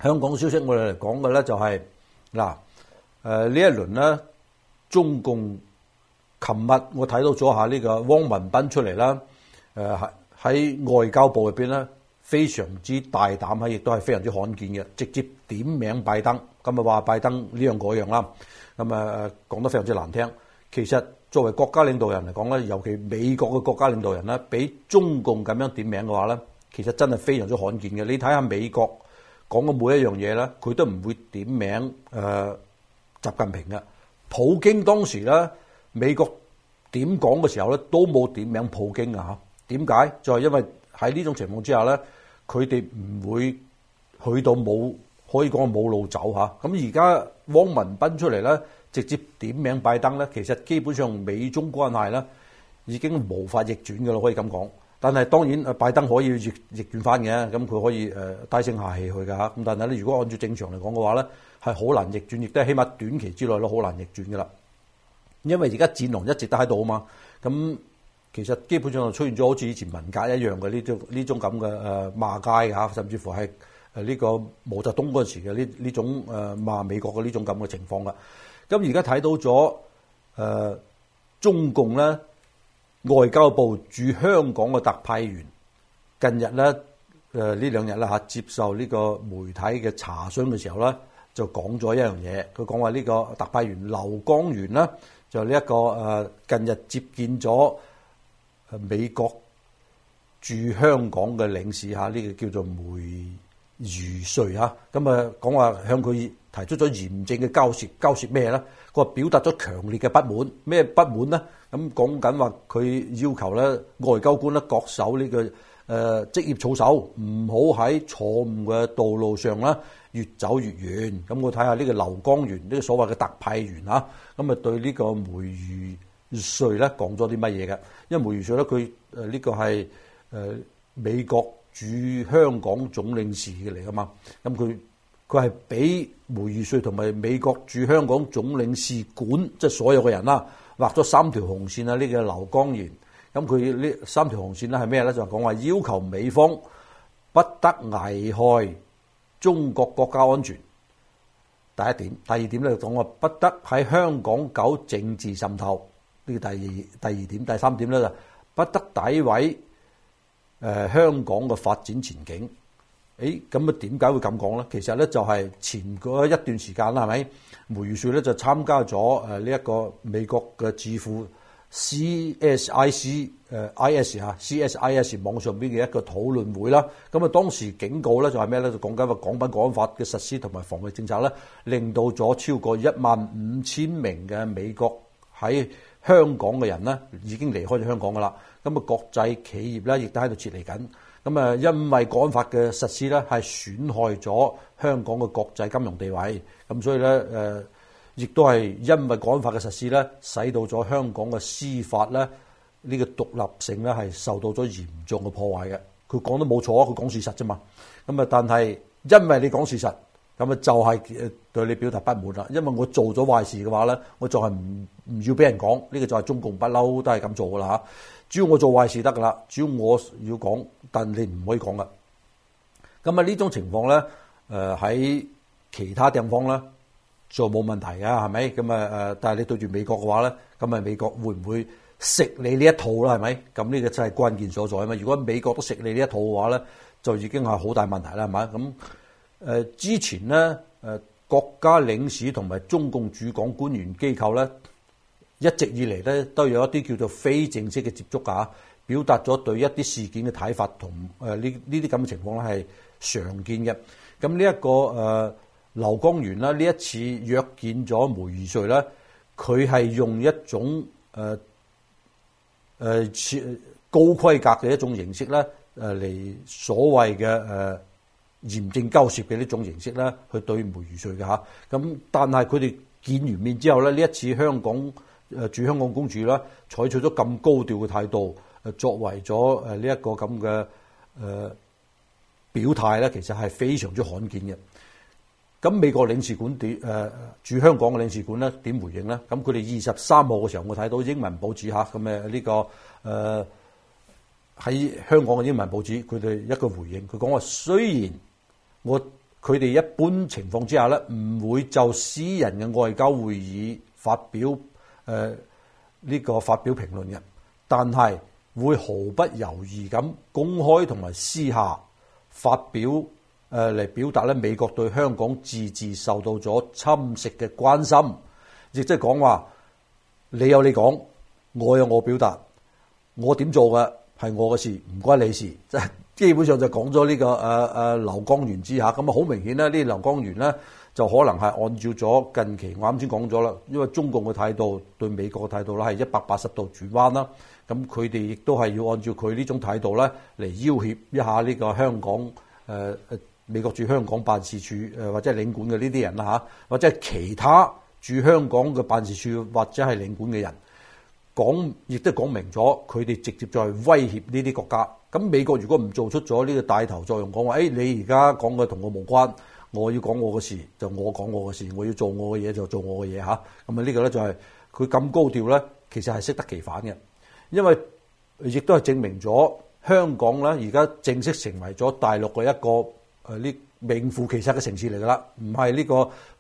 S1: 香港消息我哋嚟講嘅咧，就係嗱誒呢一輪咧，中共琴日我睇到咗下呢個汪文斌出嚟啦，誒、呃、喺外交部入邊咧，非常之大膽啊，亦都係非常之罕見嘅，直接點名拜登。咁啊，話拜登呢樣嗰樣啦，咁啊講得非常之難聽。其實作為國家領導人嚟講咧，尤其美國嘅國家領導人咧，俾中共咁樣點名嘅話咧，其實真係非常之罕見嘅。你睇下美國講嘅每一樣嘢咧，佢都唔會點名習近平嘅。普京當時咧，美國點講嘅時候咧，都冇點名普京嘅嚇。點解？就係、是、因為喺呢種情況之下咧，佢哋唔會去到冇。可以講冇路走吓，咁而家汪文斌出嚟咧，直接點名拜登咧，其實基本上美中關係咧已經無法逆轉㗎啦，可以咁講。但係當然拜登可以逆逆轉翻嘅，咁佢可以誒低聲下氣去噶嚇。咁但係咧，如果按照正常嚟講嘅話咧，係好難逆轉，亦都係起碼短期之內都好難逆轉噶啦。因為而家戰狼一直都喺度啊嘛，咁其實基本上就出現咗好似以前文革一樣嘅呢種呢種咁嘅誒罵街嚇，甚至乎係。誒呢個毛澤東嗰陣時嘅呢呢種誒罵美國嘅呢種咁嘅情況啦，咁而家睇到咗誒、呃、中共咧外交部駐香港嘅特派員近日咧誒呢兩日啦嚇，接受呢個媒體嘅查詢嘅時候咧，就講咗一樣嘢，佢講話呢個特派員劉光源啦，就呢、這、一個誒、呃、近日接見咗美國駐香港嘅領事嚇，呢、這個叫做梅。如瑞哈，咁啊，講話向佢提出咗嚴正嘅交涉，交涉咩咧？佢話表達咗強烈嘅不滿，咩不滿咧？咁講緊話佢要求咧，外交官咧，恪守呢、這個誒、呃、職業操守唔好喺錯誤嘅道路上啦，越走越遠。咁、嗯、我睇下呢個劉光源呢個所謂嘅特派員啊，咁啊對呢個梅如瑞咧講咗啲乜嘢嘅？因為梅如瑞咧，佢呢個係美國。住香港總領事嘅嚟啊嘛，咁佢佢係俾梅儒瑞同埋美國駐香港總領事館即係所有嘅人啦、啊，畫咗三條紅線啊！呢、呢個劉光源，咁佢呢三條紅線咧係咩咧？就係講話要求美方不得危害中國國家安全，第一點；第二點咧就講話不得喺香港搞政治滲透，呢、呢個第二第二點；第三點咧就不得詆毀。誒、呃、香港嘅發展前景，誒咁啊點解會咁講咧？其實咧就係前嗰一段時間啦，係咪？梅儒瑞咧就參加咗誒呢一個美國嘅智庫 CSIC 誒、呃、CS IS 嚇、啊、CSIS 網上邊嘅一個討論會啦。咁啊當時警告咧就係咩咧？就講緊個港版國安法嘅實施同埋防疫政策咧，令到咗超過一萬五千名嘅美國喺香港嘅人咧已經離開咗香港噶啦。咁啊，國際企業咧亦都喺度撤離緊。咁啊，因為港法嘅實施咧，係損害咗香港嘅國際金融地位。咁所以咧，誒，亦都係因為港法嘅實施咧，使到咗香港嘅司法咧呢個獨立性咧係受到咗嚴重嘅破壞嘅。佢講得冇錯啊，佢講事實啫嘛。咁啊，但係因為你講事實，咁啊就係誒，對你表達不滿啦。因為我做咗壞事嘅話咧，我就係唔唔要俾人講。呢個就係中共不嬲都係咁做噶啦嚇。只要我做壞事得噶啦，只要我要講，但你唔可以講噶。咁啊呢種情況咧，誒喺其他地方咧就冇問題啊，係咪？咁啊誒，但係你對住美國嘅話咧，咁啊美國會唔會食你呢一套啦？係咪？咁呢個真係關鍵所在啊嘛！如果美國都食你呢一套嘅話咧，就已經係好大問題啦，係咪？咁誒之前咧誒國家領事同埋中共駐港官員機構咧。一直以嚟咧都有一啲叫做非正式嘅接觸嚇，表達咗對一啲事件嘅睇法同誒呢呢啲咁嘅情況咧係常見嘅。咁呢一個誒劉光源啦，呢一次約見咗梅如瑞啦，佢係用一種誒誒高規格嘅一種形式咧誒嚟所謂嘅誒嚴正交涉嘅呢種形式啦，去對梅如瑞嘅吓。咁但係佢哋見完面之後咧，呢一次香港。誒，駐香港公主啦，採取咗咁高調嘅態度，作為咗誒、這個呃、呢一個咁嘅誒表態咧，其實係非常之罕見嘅。咁美國領事館點誒駐香港嘅領事館咧點回應咧？咁佢哋二十三號嘅時候，我睇到英文報紙嚇，咁嘅呢個誒喺、呃、香港嘅英文報紙，佢哋一個回應，佢講話雖然我佢哋一般情況之下咧唔會就私人嘅外交會議發表。誒、呢、呃，這個發表評論嘅，但係會毫不猶豫咁公開同埋私下發表誒嚟、呃、表達咧，美國對香港自治受到咗侵蝕嘅關心，亦即係講話，你有你講，我有我表達，我點做嘅係我嘅事，唔關你事。即係基本上就講咗呢個誒誒劉光源之下，咁啊好明顯咧，這些劉剛呢劉光源咧。就可能係按照咗近期我啱先講咗啦，因為中共嘅態度對美國嘅態度係一百八十度轉彎啦，咁佢哋亦都係要按照佢呢種態度咧嚟要挾一下呢個香港、呃、美國駐香港辦事處、呃、或者領館嘅呢啲人啦，或者其他駐香港嘅辦事處或者係領館嘅人，講亦都講明咗佢哋直接再去威脅呢啲國家。咁美國如果唔做出咗呢個帶頭作用，講話誒你而家講嘅同我無關。我要講我嘅事，就我講我嘅事；我要做我嘅嘢，就做我嘅嘢嚇。咁、這、啊、個就是，呢個咧就係佢咁高調咧，其實係適得其反嘅，因為亦都係證明咗香港咧而家正式成為咗大陸嘅一個誒呢名副其實嘅城市嚟㗎啦，唔係呢個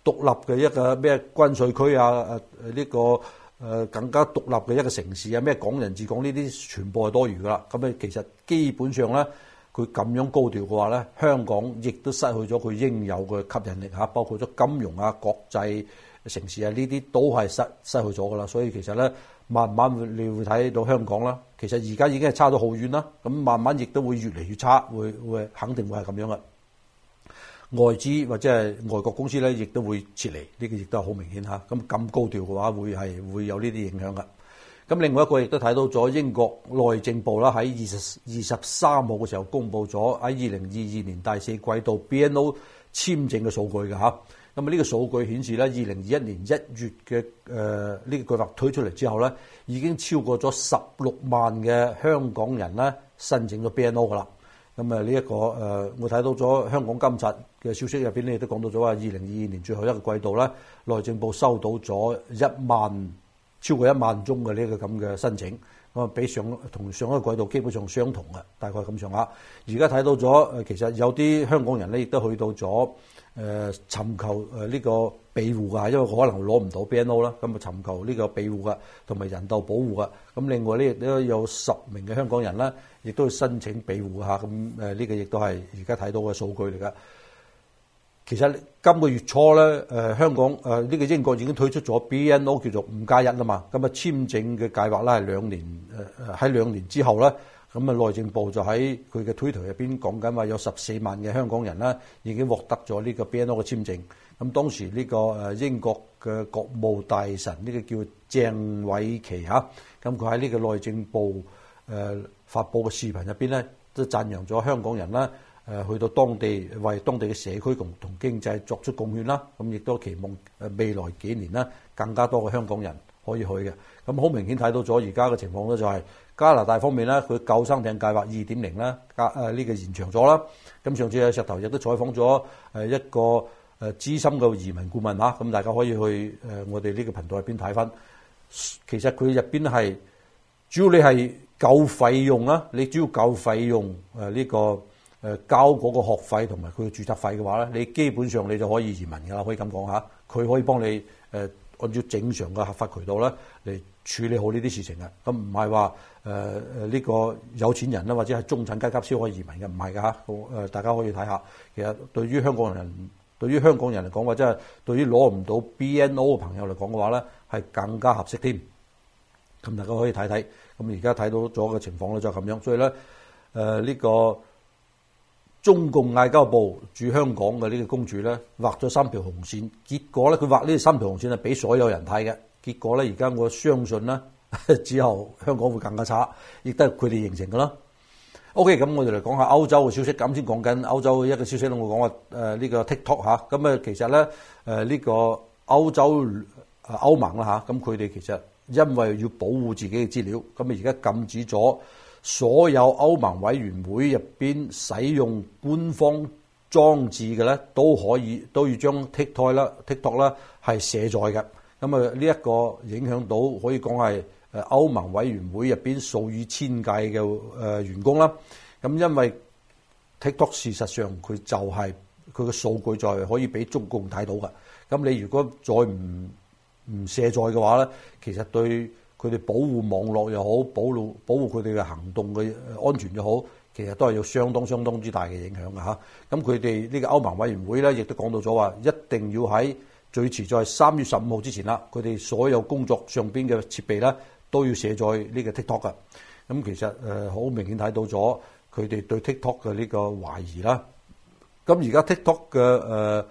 S1: 獨立嘅一個咩軍事區啊誒呢、這個誒、呃、更加獨立嘅一個城市啊咩港人治港呢啲全部係多餘㗎啦。咁啊，其實基本上咧。佢咁樣高調嘅話咧，香港亦都失去咗佢應有嘅吸引力嚇，包括咗金融啊、國際城市啊呢啲都係失失去咗噶啦。所以其實咧，慢慢你會睇到香港啦，其實而家已經係差到好遠啦。咁慢慢亦都會越嚟越差，會會肯定會係咁樣嘅。外資或者係外國公司咧，亦都會撤離，呢個亦都係好明顯嚇。咁咁高調嘅話，會係會有呢啲影響嘅。咁另外一個亦都睇到咗英國內政部啦，喺二十二十三號嘅時候公布咗喺二零二二年第四季度 BNO 簽證嘅數據嘅嚇。咁啊呢個數據顯示咧，二零二一年一月嘅誒呢個計劃推出嚟之後咧，已經超過咗十六萬嘅香港人咧申請咗 BNO 㗎啦。咁啊呢一個誒，我睇到咗香港今日嘅消息入邊，亦都講到咗話，二零二二年最後一個季度咧，內政部收到咗一萬。超過一萬宗嘅呢一個咁嘅申請，咁啊比上同上一個季度基本上相同嘅，大概咁上下。而家睇到咗，誒其實有啲香港人咧亦都去到咗誒、呃、尋求誒呢個庇護㗎，因為可能攞唔到 BNO 啦、嗯，咁啊尋求呢個庇護嘅，同埋人道保護嘅。咁另外呢，亦都有十名嘅香港人啦，亦都要申請庇護嘅嚇，咁誒呢個亦都係而家睇到嘅數據嚟㗎。其實今個月初咧，誒香港誒呢個英國已經推出咗 BNO 叫做五加一啦嘛，咁啊簽證嘅計劃咧係兩年，誒喺兩年之後咧，咁啊內政部就喺佢嘅推特入邊講緊話有十四萬嘅香港人啦，已經獲得咗呢個 BNO 嘅簽證。咁當時呢個英國嘅國務大臣呢、這個叫鄭偉琪嚇，咁佢喺呢個內政部誒發布嘅視頻入邊咧，都讚揚咗香港人啦。誒去到當地為當地嘅社區同同經濟作出貢獻啦，咁亦都期望誒未來幾年啦，更加多嘅香港人可以去嘅。咁好明顯睇到咗而家嘅情況咧，就係加拿大方面咧，佢救生艇計劃二點零咧，加誒呢個延長咗啦。咁上次喺石頭亦都採訪咗誒一個誒資深嘅移民顧問嚇，咁大家可以去誒我哋呢個頻道入邊睇翻。其實佢入邊係主要你係夠費用啦，你主要夠費用誒呢個。誒交嗰個學費同埋佢嘅註冊費嘅話咧，你基本上你就可以移民噶啦，可以咁講下，佢可以幫你誒、呃、按照正常嘅合法渠道咧嚟處理好呢啲事情嘅。咁唔係話誒呢個有錢人啦，或者係中產階級先可以移民嘅，唔係㗎吓。誒大家可以睇下，其實對於香港人，對於香港人嚟講，或者係對於攞唔到 BNO 嘅朋友嚟講嘅話咧，係更加合適添。咁大家可以睇睇，咁而家睇到咗嘅情況咧就係咁樣。所以咧呢、呃呢個。中共外交部駐香港嘅呢個公主咧畫咗三條紅線，結果咧佢畫呢三條紅線係俾所有人睇嘅。結果咧而家我相信咧之後香港會更加差，亦都係佢哋形成嘅啦。OK，咁我哋嚟講下歐洲嘅消息。咁先講緊歐洲一個消息啦。我講啊誒呢個 TikTok 吓，咁啊其實咧誒呢個歐洲歐盟啦吓，咁佢哋其實因為要保護自己嘅資料，咁啊而家禁止咗。所有歐盟委員會入邊使用官方裝置嘅咧，都可以都要將 TikTok 啦，TikTok 啦係卸載嘅。咁啊，呢一個影響到可以講係誒歐盟委員會入邊數以千計嘅誒員工啦。咁、呃呃呃呃、因為 TikTok 事實上佢就係佢嘅數據在可以俾中共睇到嘅。咁你如果再唔唔卸載嘅話咧，其實對。佢哋保護網絡又好，保護保護佢哋嘅行動嘅安全又好，其實都係有相當相當之大嘅影響嘅吓。咁佢哋呢個歐盟委員會咧，亦都講到咗話，一定要喺最遲在三月十五號之前啦，佢哋所有工作上面嘅設備咧都要卸載呢個 TikTok 嘅。咁其實誒好明顯睇到咗佢哋對 TikTok 嘅呢個懷疑啦。咁而家 TikTok 嘅、呃、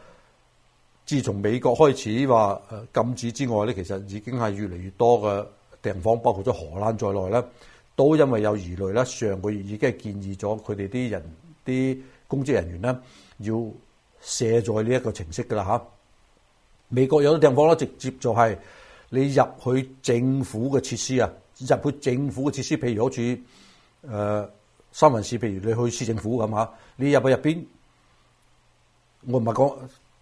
S1: 自從美國開始話禁止之外咧，其實已經係越嚟越多嘅。訂房包括咗荷蘭在內咧，都因為有疑慮咧，上個月已經係建議咗佢哋啲人、啲公職人員咧，要卸載呢一個程式噶啦嚇。美國有啲地方咧，直接就係你入去政府嘅設施啊，入去政府嘅設施，譬如好似誒、呃、三文市，譬如你去市政府咁嚇，你入去入邊，我唔係講。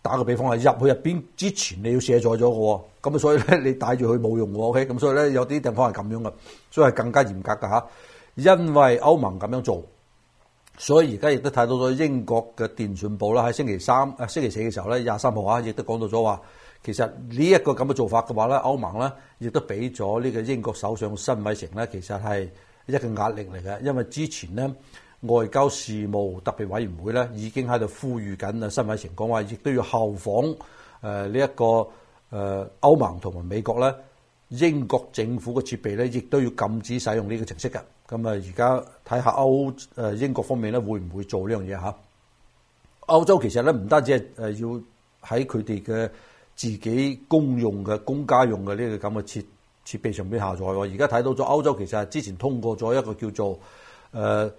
S1: 打個比方係，入去入邊之前你要卸載咗嘅喎，咁所以咧你帶住佢冇用喎，OK？咁所以咧有啲地方係咁樣嘅，所以係、OK？更加嚴格㗎吓。因為歐盟咁樣做，所以而家亦都睇到咗英國嘅電訊報啦，喺星期三啊星期四嘅時候咧，廿三號啊，亦都講到咗話，其實呢一個咁嘅做法嘅話咧，歐盟咧亦都俾咗呢個英國首相辛偉誠咧，其實係一個壓力嚟嘅，因為之前咧。外交事務特別委員會咧，已經喺度呼籲緊啊！新聞前講話，亦都要效仿誒呢一個誒、呃、歐盟同埋美國咧，英國政府嘅設備咧，亦都要禁止使用呢個程式㗎。咁啊，而家睇下歐誒、呃、英國方面咧，會唔會做呢樣嘢嚇、啊？歐洲其實咧，唔單止係誒要喺佢哋嘅自己公用嘅公家用嘅呢個咁嘅設設備上邊下載。而家睇到咗歐洲其實之前通過咗一個叫做誒。呃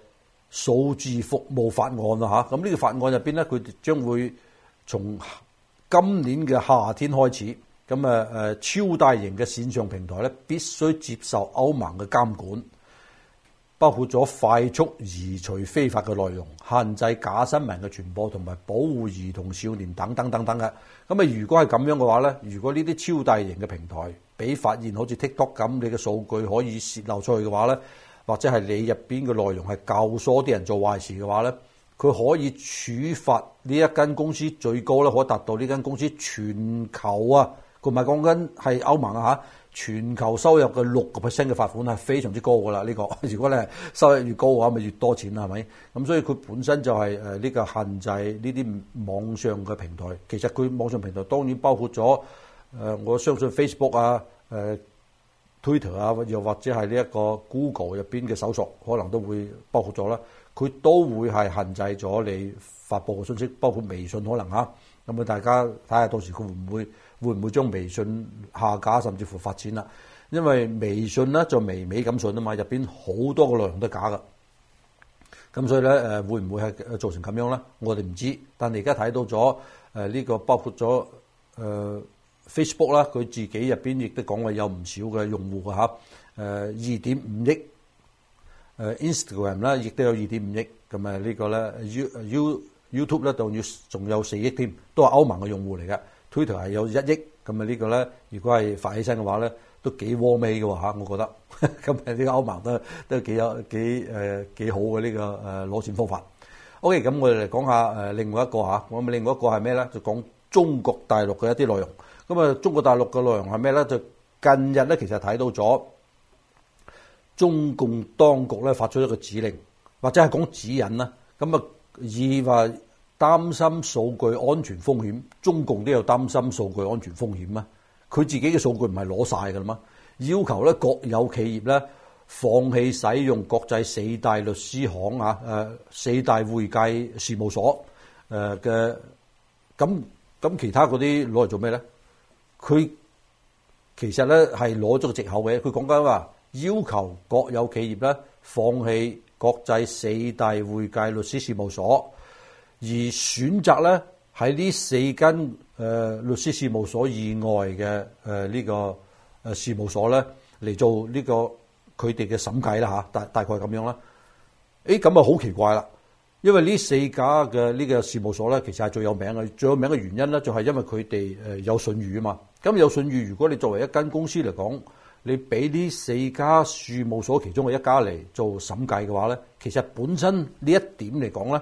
S1: 數字服務法案啊，嚇，咁呢個法案入邊咧，佢將會從今年嘅夏天開始，咁啊誒超大型嘅線上平台咧，必須接受歐盟嘅監管，包括咗快速移除非法嘅內容、限制假新聞嘅傳播同埋保護兒童少年等等等等嘅。咁啊，如果係咁樣嘅話咧，如果呢啲超大型嘅平台俾發現好似 TikTok 咁，你嘅數據可以洩漏出去嘅話咧？或者係你入邊嘅內容係教唆啲人做壞事嘅話咧，佢可以處罰呢一間公司最高咧，可以達到呢間公司全球啊，佢唔係講緊係歐盟啊嚇，全球收入嘅六個 percent 嘅罰款係非常之高噶啦。呢、呢個如果你咧收入越高嘅話，咪越多錢啦，係咪？咁所以佢本身就係誒呢個限制呢啲網上嘅平台。其實佢網上平台當然包括咗誒、呃，我相信 Facebook 啊誒。呃 Twitter 啊，又或者係呢一個 Google 入邊嘅搜索，可能都會包括咗啦。佢都會係限制咗你發布嘅信息，包括微信可能嚇。咁啊，大家睇下到時佢會唔會會唔會將微信下架，甚至乎發展啦？因為微信咧就微微咁信啊嘛，入邊好多個內容都係假嘅。咁所以咧，誒會唔會係造成咁樣咧？我哋唔知道。但係而家睇到咗誒呢個包括咗誒。呃 Facebook 啦，佢自己入邊亦都講話有唔少嘅用戶嘅嚇，誒二點五億誒。Instagram 啦，亦都有二點五億，咁啊呢個咧。You You YouTube 咧，仲要仲有四億添，都係歐盟嘅用戶嚟嘅。Twitter 係有一億，咁啊呢個咧，如果係發起身嘅話咧，都幾和味嘅喎嚇。我覺得今日呢個歐盟都都幾有幾誒幾好嘅呢、呢個誒攞、呃、錢方法。OK，咁我哋嚟講下誒另外一個嚇，我啊另外一個係咩咧？就講中國大陸嘅一啲內容。咁啊，中國大陸嘅內容係咩咧？就近日咧，其實睇到咗中共當局咧發出一個指令，或者係講指引啦。咁啊，以話擔心數據安全風險，中共都有擔心數據安全風險啊。佢自己嘅數據唔係攞晒㗎嘛，要求咧國有企業咧放棄使用國際四大律師行啊、誒四大會計事務所誒嘅，咁咁其他嗰啲攞嚟做咩咧？佢其實咧係攞咗個藉口嘅，佢講緊話要求國有企業咧放棄國際四大會計律師事務所，而選擇咧喺呢四間誒律師事務所以外嘅誒呢個誒事務所咧嚟做呢個佢哋嘅審計啦吓，大大概係咁樣啦。誒咁啊好奇怪啦，因為呢四家嘅呢個事務所咧，哎、所其實係最有名嘅，最有名嘅原因咧，就係因為佢哋誒有信譽啊嘛。咁有信譽，如果你作為一間公司嚟講，你俾呢四家事務所其中嘅一家嚟做審計嘅話咧，其實本身呢一點嚟講咧，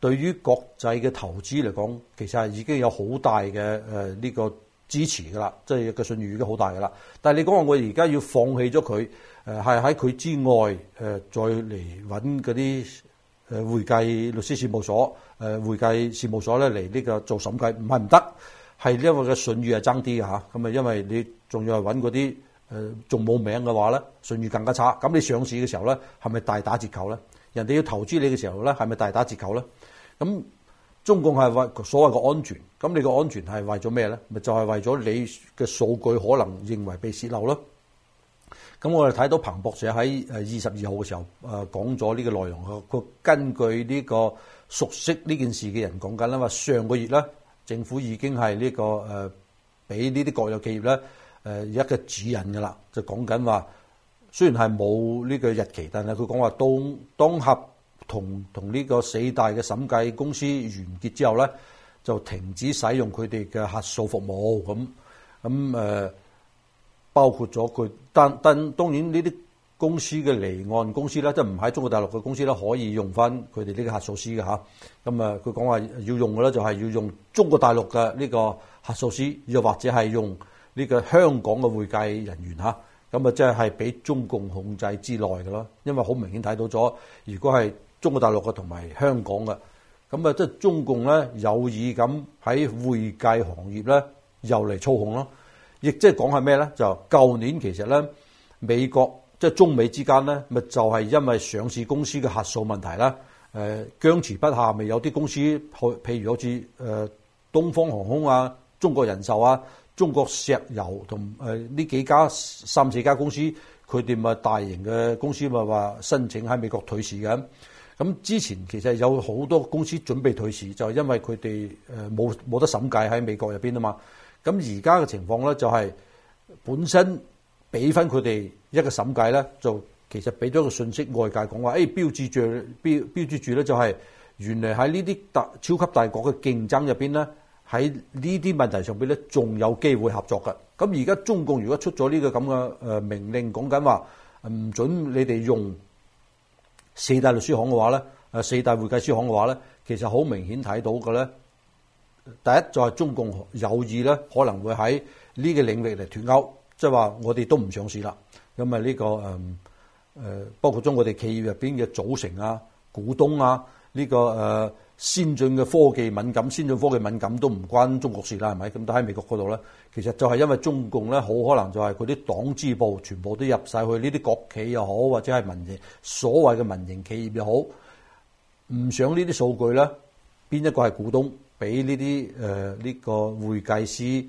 S1: 對於國際嘅投資嚟講，其實係已經有好大嘅誒呢個支持㗎喇，即係個信譽已經好大㗎喇。但係你講話我而家要放棄咗佢，誒係喺佢之外，誒再嚟揾嗰啲誒會計律師事務所、誒會計事務所咧嚟呢個做審計，唔係唔得。係因為嘅信譽係爭啲嘅吓，咁啊，因為你仲要係揾嗰啲誒仲冇名嘅話咧，信譽更加差。咁你上市嘅時候咧，係咪大打折扣咧？人哋要投資你嘅時候咧，係咪大打折扣咧？咁中共係為所謂嘅安全，咁你個安全係為咗咩咧？咪就係為咗你嘅數據可能認為被洩漏咯。咁我哋睇到彭博社喺誒二十二號嘅時候誒講咗呢個內容，佢根據呢個熟悉呢件事嘅人講緊啦嘛，上個月啦。政府已經係呢、這個誒，俾呢啲國有企業咧誒、呃、一個指引㗎喇，就講緊話，雖然係冇呢個日期，但係佢講話，當當合同同呢個四大嘅審計公司完結之後咧，就停止使用佢哋嘅核數服務咁咁誒，包括咗佢，但但當然呢啲。公司嘅離岸公司咧，即係唔喺中國大陸嘅公司咧，可以用翻佢哋呢個核數師嘅嚇。咁啊，佢講話要用嘅咧，就係要用中國大陸嘅呢個核數師，又或者係用呢個香港嘅會計人員嚇。咁啊，即係係俾中共控制之內嘅咯。因為好明顯睇到咗，如果係中國大陸嘅同埋香港嘅，咁啊，即中共咧有意咁喺會計行業咧又嚟操控咯。亦即係講係咩咧？就舊年其實咧美國。即係中美之間咧，咪就係因為上市公司嘅核數問題啦。誒，僵持不下，咪有啲公司，譬譬如好似誒東方航空啊、中國人壽啊、中國石油同誒呢幾家三四家公司，佢哋咪大型嘅公司咪話申請喺美國退市嘅。咁之前其實有好多公司準備退市，就係因為佢哋誒冇冇得審計喺美國入邊啊嘛。咁而家嘅情況咧，就係本身。俾翻佢哋一個審計咧，就其實俾咗個信息外界講話，誒、哎、標誌住標標誌住咧，就係原來喺呢啲超級大國嘅競爭入邊咧，喺呢啲問題上面咧仲有機會合作㗎。咁而家中共如果出咗呢個咁嘅命令說說，講緊話唔准你哋用四大律師行嘅話咧、呃，四大會計師行嘅話咧，其實好明顯睇到嘅咧，第一就係中共有意咧，可能會喺呢個領域嚟脫鉤。即係話，我哋都唔上市啦。因為、這個，呢個誒誒，包括中國企業入邊嘅組成啊、股東啊，呢、這個誒、呃、先進嘅科技敏感、先進科技敏感都唔關中國事啦，係咪？咁但喺美國嗰度咧，其實就係因為中共咧，好可能就係佢啲黨支部全部都入晒去呢啲國企又好，或者係民營所謂嘅民營企業又好，唔想這些數呢啲數據咧，邊一個係股東，俾呢啲誒呢個會計師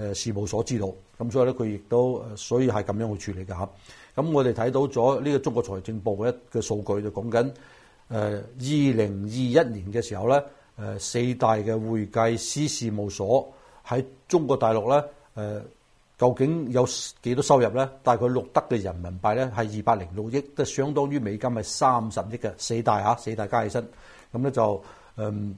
S1: 誒事務所知道。咁所以咧，佢亦都所以係咁樣去處理嘅嚇。咁我哋睇到咗呢個中國財政部嘅一個數據就，就講緊誒二零二一年嘅時候咧，誒、呃、四大嘅會計師事務所喺中國大陸咧，誒、呃、究竟有幾多收入咧？大概錄得嘅人民幣咧係二百零六億，即係相當於美金係三十億嘅四大吓，四大加起身，咁咧就誒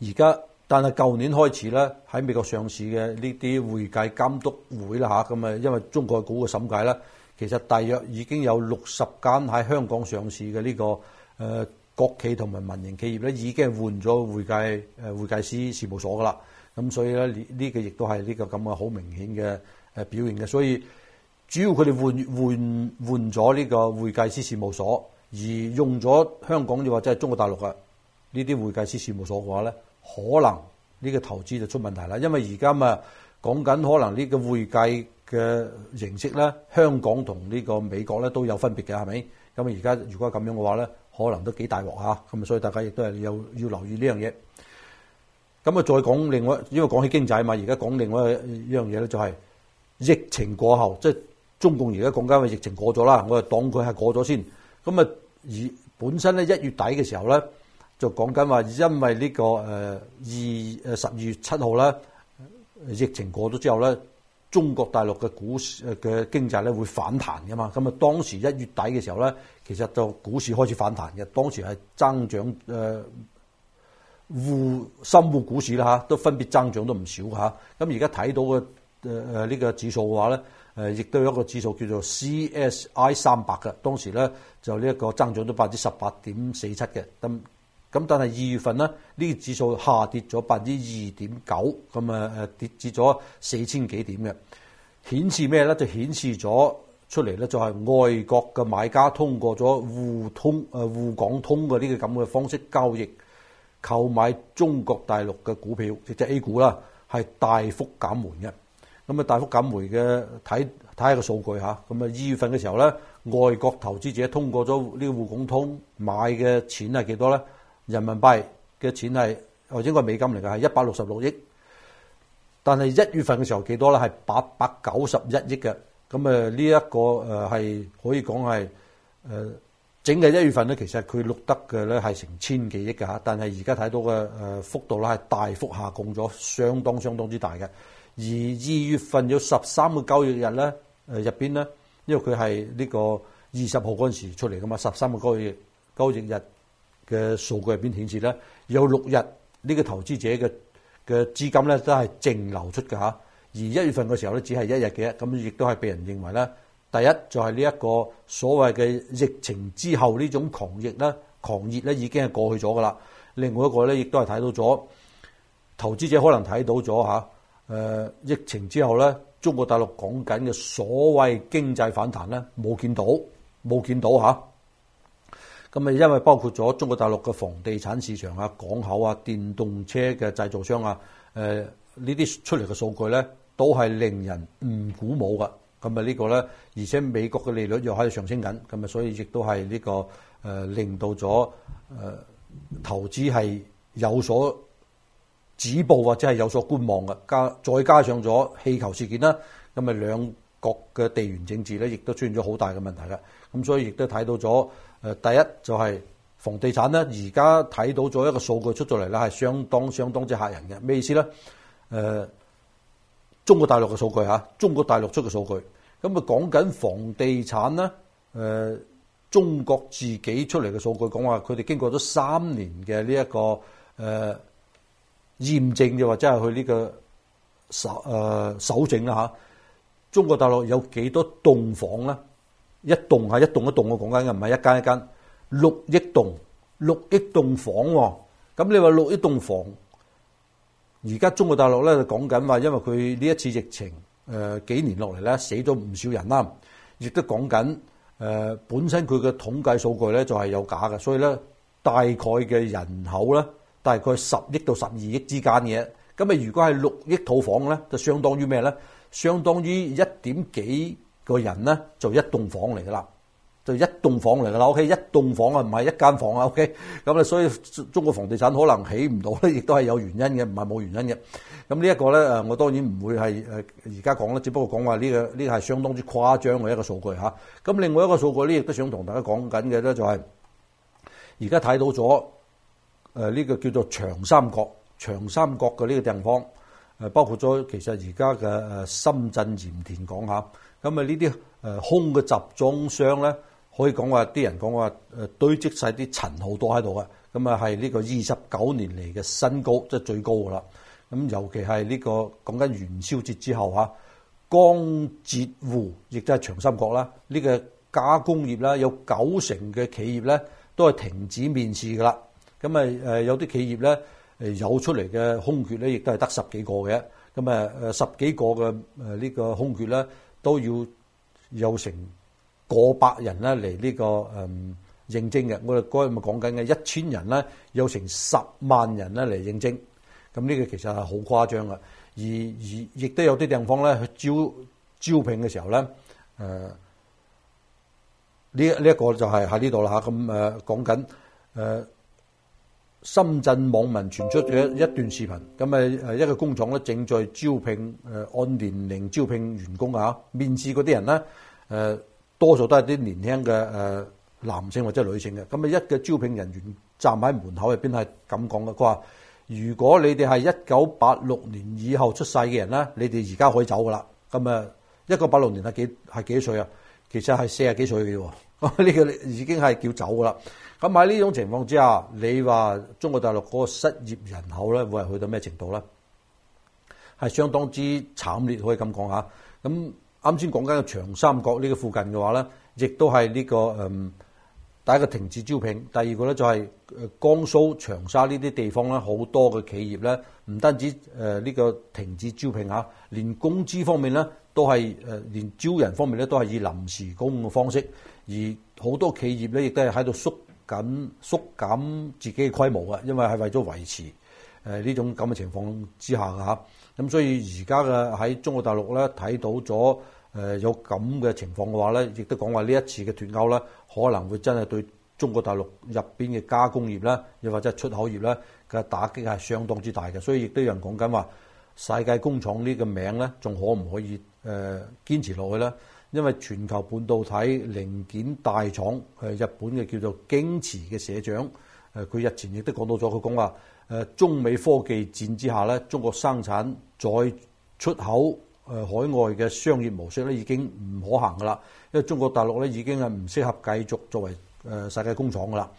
S1: 而家。呃但係舊年開始咧，喺美國上市嘅呢啲會計監督會啦嚇，咁啊，因為中國股嘅審計咧，其實大約已經有六十間喺香港上市嘅呢個誒國企同埋民營企業咧，已經換咗會計誒會計師事務所噶啦。咁所以咧，呢個亦都係呢個咁嘅好明顯嘅誒表現嘅。所以主要佢哋換換換咗呢個會計師事務所，而用咗香港又或者係中國大陸嘅呢啲會計師事務所嘅話咧。可能呢個投資就出問題啦，因為而家咪講緊可能呢個會計嘅形式咧，香港同呢個美國咧都有分別嘅，係咪？咁啊，而家如果咁樣嘅話咧，可能都幾大鑊嚇，咁啊，所以大家亦都係有要留意呢樣嘢。咁啊，再講另外，因為講起經濟啊嘛，而家講另外一樣嘢咧，就係疫情過後，即係中共而家講緊嘅疫情過咗啦，我就當佢係過咗先。咁啊，而本身咧一月底嘅時候咧。就講緊話，因為、這個呃、呢個誒二誒十二月七號咧，疫情過咗之後咧，中國大陸嘅股市嘅、呃、經濟咧會反彈㗎嘛。咁啊，當時一月底嘅時候咧，其實就股市開始反彈嘅。當時係增長誒滬、呃、深滬股市啦嚇，都分別增長都唔少嚇。咁而家睇到嘅誒誒呢個指數嘅話咧，誒、呃、亦都有一個指數叫做 CSI 三百嘅。當時咧就呢一個增長咗百分之十八點四七嘅。咁咁但係二月份呢，呢、這個指數下跌咗百分之二點九，咁啊跌至咗四千幾點嘅，顯示咩咧？就顯示咗出嚟咧，就係外國嘅買家通過咗互通、啊、滬港通嘅呢個咁嘅方式交易購買中國大陸嘅股票，即、這、係、個、A 股啦，係大幅減緩嘅。咁啊，大幅減緩嘅睇睇下個數據下咁啊，二月份嘅時候咧，外國投資者通過咗呢、這個滬港通買嘅錢係幾多咧？人民幣嘅錢係，我應該美金嚟㗎，係一百六十六億。但係一月份嘅時候幾多咧？係八百九十一億嘅。咁啊，呢一個誒係可以講係誒整嘅一月份咧，其實佢錄得嘅咧係成千幾億㗎。但係而家睇到嘅誒幅度咧係大幅下降咗，相當相當之大嘅。而二月份有十三個交易日咧，誒入邊咧，因為佢係呢個二十號嗰陣時出嚟㗎嘛，十三個交易交易日。嘅數據入面顯示咧，有六日呢個投資者嘅嘅資金咧都係淨流出嘅嚇，而一月份嘅時候咧只係一日嘅，咁亦都係被人認為咧，第一就係呢一個所謂嘅疫情之後呢種狂熱咧，狂熱咧已經係過去咗噶啦。另外一個咧，亦都係睇到咗投資者可能睇到咗嚇，誒疫情之後咧，中國大陸講緊嘅所謂經濟反彈咧，冇見到，冇見到下。咁啊，因為包括咗中國大陸嘅房地產市場啊、港口啊、電動車嘅製造商啊，誒、呃、呢啲出嚟嘅數據咧，都係令人唔鼓舞㗎。咁、嗯、啊，這個、呢個咧，而且美國嘅利率又喺度上升緊，咁、嗯、啊，所以亦都係呢、這個誒、呃、令到咗誒、呃、投資係有所止步或者係有所觀望嘅。加再加上咗氣球事件啦，咁、嗯、啊，兩、嗯、國嘅地緣政治咧，亦都出現咗好大嘅問題啦。咁、嗯、所以亦都睇到咗。誒，第一就係、是、房地產咧，而家睇到咗一個數據出咗嚟啦，係相當相當之吓人嘅。咩意思咧？誒、呃，中國大陸嘅數據吓、啊，中國大陸出嘅數據，咁啊講緊房地產咧，誒、呃，中國自己出嚟嘅數據，講話佢哋經過咗三年嘅呢一個誒驗、呃、證，又或者係佢呢個搜誒搜證啦吓，中國大陸有幾多棟房咧？一棟係一棟一棟，我講緊嘅唔係一間一間，六億棟六億棟房喎。咁你話六億棟房，而家中國大陸咧就講緊話，因為佢呢一次疫情，誒、呃、幾年落嚟咧死咗唔少人啦，亦都講緊誒本身佢嘅統計數據咧就係有假嘅，所以咧大概嘅人口咧大概十億到十二億之間嘅。咁你如果係六億套房咧，就相當於咩咧？相當於一點幾。個人咧就一棟房嚟噶啦，就一棟房嚟噶啦，OK，一棟房啊唔係一間房啊，OK，咁啊，所以中國房地產可能起唔到咧，亦都係有原因嘅，唔係冇原因嘅。咁、這個、呢一個咧，我當然唔會係而家講咧，只不過講話呢個呢個係、這個、相當之誇張嘅一個數據嚇。咁、啊、另外一個數據咧，亦都想同大家講緊嘅咧，就係而家睇到咗呢、呃這個叫做長三角，長三角嘅呢個地方，呃、包括咗其實而家嘅深圳鹽田港嚇。咁啊！呢啲誒空嘅集裝箱咧，可以講話啲人講話誒堆積曬啲塵好多喺度嘅。咁啊，係呢個二十九年嚟嘅新高，即係最高嘅啦。咁尤其係呢個講緊元宵節之後呀，江浙滬亦都係長三角啦。呢個加工業啦，有九成嘅企業咧都係停止面試嘅啦。咁啊誒有啲企業咧誒有出嚟嘅空缺咧，亦都係得十幾個嘅。咁啊誒十幾個嘅誒呢個空缺咧，都要有成過百人咧嚟呢個誒應徵嘅，我哋嗰日咪講緊嘅一千人咧，有成十萬人咧嚟應徵。咁、嗯、呢、這個其實係好誇張嘅。而而亦都有啲地方咧去招招聘嘅時候咧，誒呢呢一個就係喺呢度啦嚇。咁誒講緊誒。呃深圳網民傳出咗一段視頻，咁啊，一個工廠咧正在招聘，誒按年齡招聘員工啊。面試嗰啲人咧，誒多數都係啲年輕嘅誒男性或者女性嘅。咁啊，一個招聘人員站喺門口入邊係咁講嘅，佢話：如果你哋係一九八六年以後出世嘅人咧，你哋而家可以走噶啦。咁啊，一九八六年係幾係幾多歲啊？其實係四十幾歲嘅喎，呢 個已經係叫走噶啦。咁喺呢種情況之下，你話中國大陸嗰個失業人口咧，會係去到咩程度咧？係相當之慘烈可以咁講下，咁啱先講緊嘅長三角呢個附近嘅話咧，亦都係呢個嗯第一個停止招聘，第二個咧就係江蘇長沙呢啲地方咧，好多嘅企業咧，唔單止呢個停止招聘嚇，連工資方面咧都係，連招人方面咧都係以臨時工嘅方式，而好多企業咧亦都係喺度縮。咁縮減自己嘅規模啊，因為係為咗維持誒呢、呃、種咁嘅情況之下嘅咁、啊、所以而家嘅喺中國大陸咧睇到咗誒、呃、有咁嘅情況嘅話咧，亦都講話呢說說一次嘅脫鉤咧，可能會真係對中國大陸入邊嘅加工業咧，又或者係出口業咧嘅打擊係相當之大嘅。所以亦都有人講緊話，世界工廠呢個名咧，仲可唔可以誒、呃、堅持落去咧？因為全球半導體零件大廠，誒日本嘅叫做京瓷嘅社長，誒佢日前亦都講到咗，佢講話誒中美科技戰之下咧，中國生產再出口誒海外嘅商業模式咧已經唔可行噶啦，因為中國大陸咧已經係唔適合繼續作為誒世界工廠噶啦。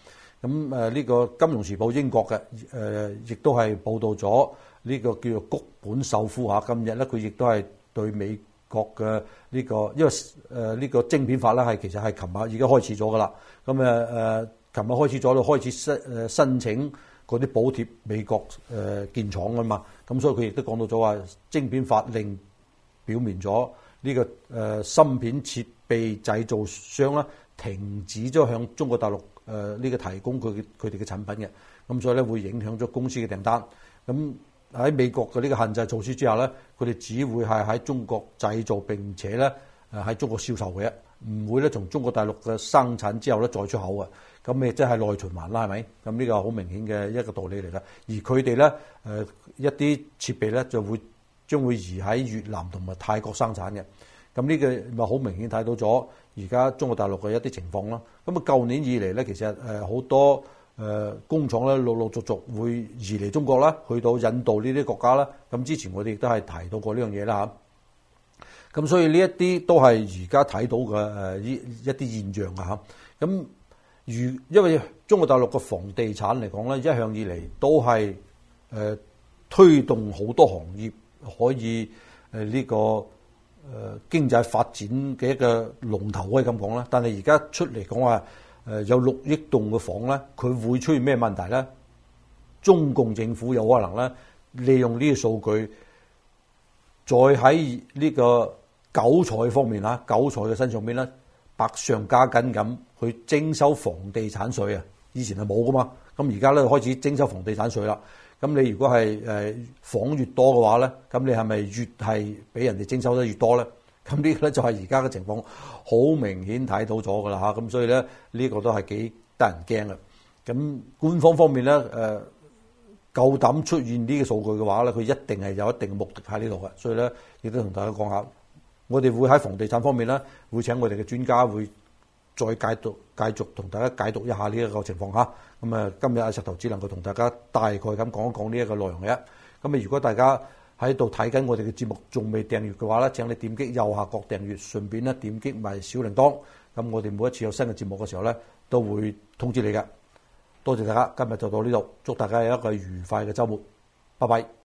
S1: 咁誒呢個金融時報英國嘅誒亦都係報導咗呢個叫做谷本秀夫。啊，今日咧佢亦都係對美。國嘅呢個，因為誒呢個晶片法咧，係其實係琴日已經開始咗噶啦。咁誒誒，琴日開始咗就開始申誒申請嗰啲補貼，美國誒建廠啊嘛。咁所以佢亦都講到咗話，晶片法令表明咗呢個誒芯片設備製造商咧，停止咗向中國大陸誒呢個提供佢佢哋嘅產品嘅。咁所以咧，會影響咗公司嘅訂單。咁喺美國嘅呢個限制措施之下咧，佢哋只會係喺中國製造並且咧，誒、呃、喺中國銷售嘅，唔會咧從中國大陸嘅生產之後咧再出口啊。咁咪即係內循環啦，係咪？咁呢個好明顯嘅一個道理嚟㗎。而佢哋咧，誒、呃、一啲設備咧就會將會移喺越南同埋泰國生產嘅。咁呢個咪好明顯睇到咗而家中國大陸嘅一啲情況咯。咁啊，舊年以嚟咧，其實誒好多。誒，工廠咧陸陸續續會移離中國啦，去到印度呢啲國家啦。咁之前我哋亦都係提到過呢樣嘢啦吓。咁所以呢一啲都係而家睇到嘅一啲現象啊吓。咁如因為中國大陸嘅房地產嚟講咧，一向以嚟都係誒推動好多行業可以誒呢個誒經濟發展嘅一個龍頭可以咁講啦。但係而家出嚟講話。誒，有六億棟嘅房咧，佢會出現咩問題咧？中共政府有可能咧，利用呢個數據，再喺呢個韭菜方面吓，韭菜嘅身上邊咧，百上加斤咁去徵收房地產稅啊！以前係冇噶嘛，咁而家咧開始徵收房地產稅啦。咁你如果係誒房越多嘅話咧，咁你係咪越係俾人哋徵收得越多咧？咁呢個咧就係而家嘅情況，好明顯睇到咗噶啦嚇，咁所以咧呢個都係幾得人驚嘅。咁官方方面咧，誒夠膽出現呢個數據嘅話咧，佢一定係有一定嘅目的喺呢度嘅。所以咧，亦都同大家講下，我哋會喺房地產方面咧，會請我哋嘅專家會再解讀，繼續同大家解讀一下呢一個情況嚇。咁啊，今日阿石頭只能夠同大家大概咁講一講呢一個內容嘅。咁啊，如果大家，喺度睇緊我哋嘅節目，仲未訂閱嘅話咧，請你點擊右下角訂閱，順便咧點擊埋小鈴鐺。咁我哋每一次有新嘅節目嘅時候咧，都會通知你嘅。多謝大家，今日就到呢度，祝大家有一個愉快嘅週末，拜拜。